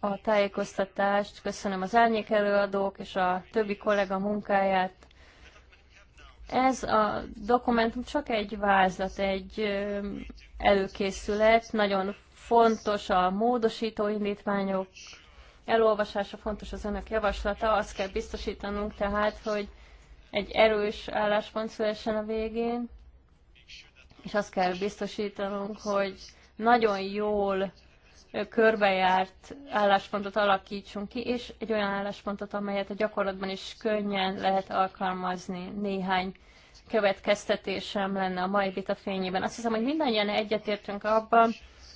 a tájékoztatást, köszönöm az árnyék előadók és a többi kollega munkáját. Ez a dokumentum csak egy vázlat, egy előkészület, nagyon fontos a módosító indítványok elolvasása, fontos az önök javaslata, azt kell biztosítanunk tehát, hogy egy erős álláspont szülessen a végén, és azt kell biztosítanunk, hogy nagyon jól körbejárt álláspontot alakítsunk ki, és egy olyan álláspontot, amelyet a gyakorlatban is könnyen lehet alkalmazni. Néhány következtetésem lenne a mai vita fényében. Azt hiszem, hogy mindannyian egyetértünk abban,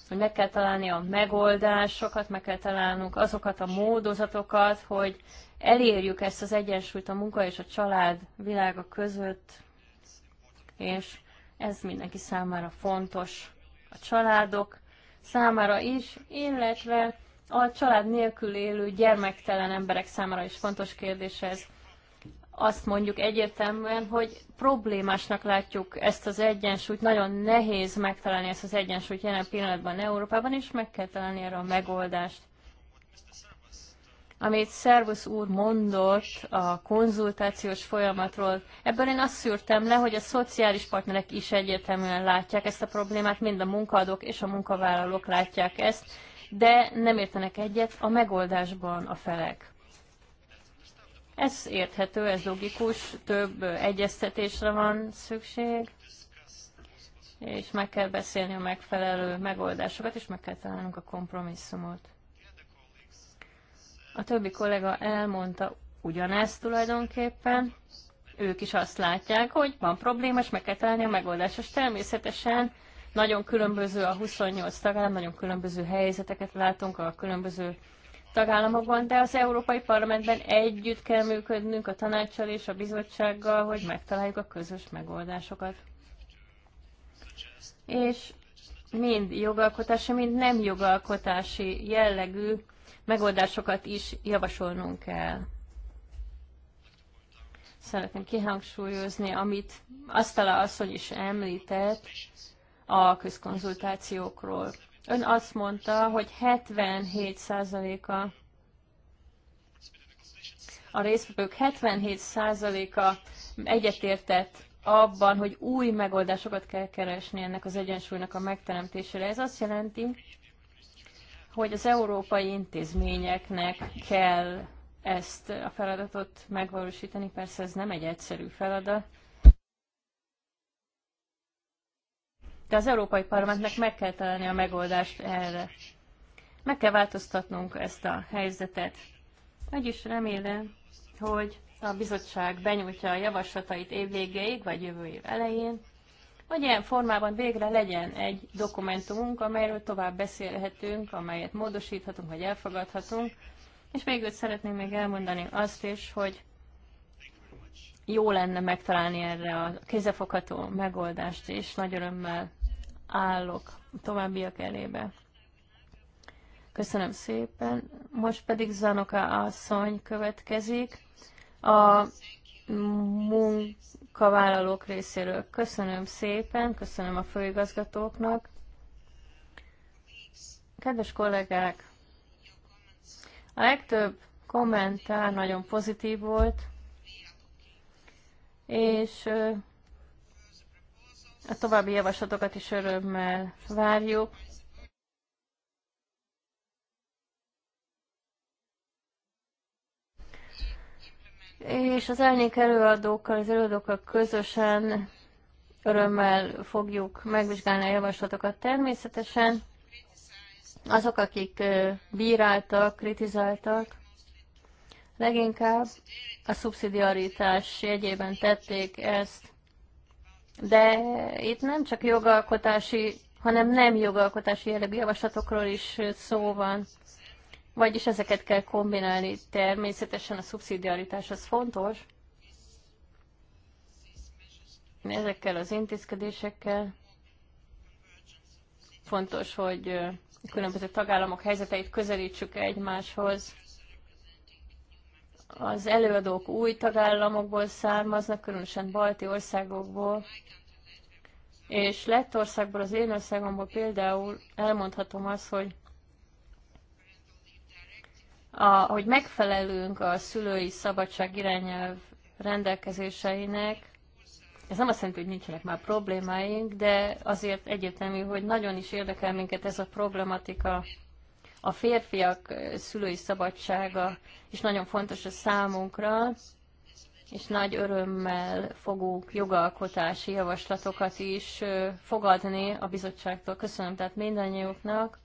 hogy meg kell találni a megoldásokat, meg kell találnunk azokat a módozatokat, hogy elérjük ezt az egyensúlyt a munka és a család világa között, és ez mindenki számára fontos. A családok számára is, illetve a család nélkül élő gyermektelen emberek számára is fontos kérdés ez. Azt mondjuk egyértelműen, hogy problémásnak látjuk ezt az egyensúlyt, nagyon nehéz megtalálni ezt az egyensúlyt jelen pillanatban Európában, és meg kell találni erre a megoldást amit Szervusz úr mondott a konzultációs folyamatról, ebből én azt szűrtem le, hogy a szociális partnerek is egyértelműen látják ezt a problémát, mind a munkaadók és a munkavállalók látják ezt, de nem értenek egyet a megoldásban a felek. Ez érthető, ez logikus, több egyeztetésre van szükség, és meg kell beszélni a megfelelő megoldásokat, és meg kell találnunk a kompromisszumot. A többi kollega elmondta ugyanezt tulajdonképpen. Ők is azt látják, hogy van probléma, és meg kell találni a megoldást. És természetesen nagyon különböző a 28 tagállam, nagyon különböző helyzeteket látunk a különböző tagállamokban, de az Európai Parlamentben együtt kell működnünk a tanácssal és a bizottsággal, hogy megtaláljuk a közös megoldásokat. És mind jogalkotási, mind nem jogalkotási jellegű megoldásokat is javasolnunk kell. Szeretném kihangsúlyozni, amit Asztala asszony is említett a közkonzultációkról. Ön azt mondta, hogy 77%-a a részvevők 77%-a egyetértett abban, hogy új megoldásokat kell keresni ennek az egyensúlynak a megteremtésére. Ez azt jelenti, hogy az európai intézményeknek kell ezt a feladatot megvalósítani. Persze ez nem egy egyszerű feladat, de az Európai Parlamentnek meg kell találni a megoldást erre. Meg kell változtatnunk ezt a helyzetet. Meg is remélem, hogy a bizottság benyújtja a javaslatait év végéig, vagy jövő év elején, hogy ilyen formában végre legyen egy dokumentumunk, amelyről tovább beszélhetünk, amelyet módosíthatunk, vagy elfogadhatunk. És végül szeretném még elmondani azt is, hogy jó lenne megtalálni erre a kézefogható megoldást, és nagy örömmel állok továbbiak elébe. Köszönöm szépen. Most pedig Zanoka asszony következik. A munkavállalók részéről. Köszönöm szépen, köszönöm a főigazgatóknak. Kedves kollégák, a legtöbb kommentár nagyon pozitív volt, és a további javaslatokat is örömmel várjuk. és az elnék előadókkal, az előadókkal közösen örömmel fogjuk megvizsgálni a javaslatokat természetesen. Azok, akik bíráltak, kritizáltak, leginkább a szubszidiaritás jegyében tették ezt. De itt nem csak jogalkotási, hanem nem jogalkotási jellegű javaslatokról is szó van. Vagyis ezeket kell kombinálni. Természetesen a szubszidiaritás az fontos. Ezekkel az intézkedésekkel fontos, hogy a különböző tagállamok helyzeteit közelítsük egymáshoz. Az előadók új tagállamokból származnak, különösen balti országokból, és Lettországból, az én országomból például elmondhatom azt, hogy a, hogy megfelelünk a szülői szabadság irányelv rendelkezéseinek, ez nem azt jelenti, hogy nincsenek már problémáink, de azért egyértelmű, hogy nagyon is érdekel minket ez a problematika. A férfiak szülői szabadsága is nagyon fontos a számunkra, és nagy örömmel fogunk jogalkotási javaslatokat is fogadni a bizottságtól. Köszönöm tehát mindannyiuknak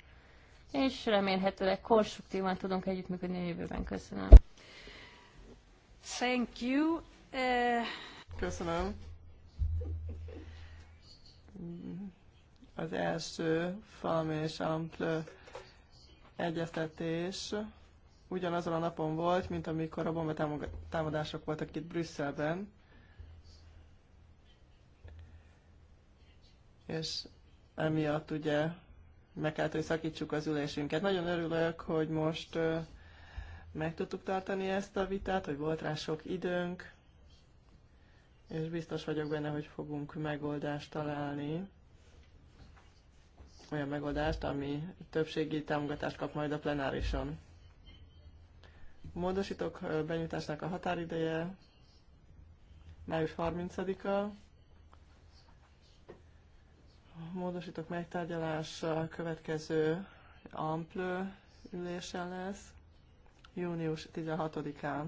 és remélhetőleg konstruktívan tudunk együttműködni a jövőben. Köszönöm. Thank you. Uh... Köszönöm. Az első falmi és Ample egyeztetés ugyanazon a napon volt, mint amikor a támadások voltak itt Brüsszelben. És emiatt ugye meg kellett, hogy szakítsuk az ülésünket. Nagyon örülök, hogy most meg tudtuk tartani ezt a vitát, hogy volt rá sok időnk, és biztos vagyok benne, hogy fogunk megoldást találni. Olyan megoldást, ami többségi támogatást kap majd a plenárison. Módosítok benyújtásnak a határideje május 30-a módosítók megtárgyalás a következő amplő ülése lesz, június 16-án.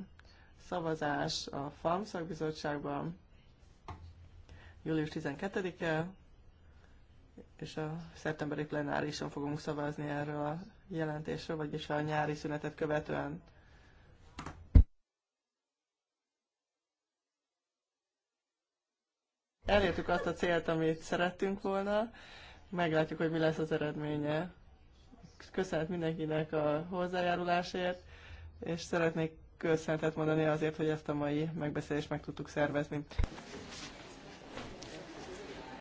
Szavazás a FAM szakbizottságban, július 12-e, és a szeptemberi plenárison fogunk szavazni erről a jelentésről, vagyis a nyári szünetet követően. elértük azt a célt, amit szerettünk volna, meglátjuk, hogy mi lesz az eredménye. Köszönet mindenkinek a hozzájárulásért, és szeretnék köszönetet mondani azért, hogy ezt a mai megbeszélést meg tudtuk szervezni.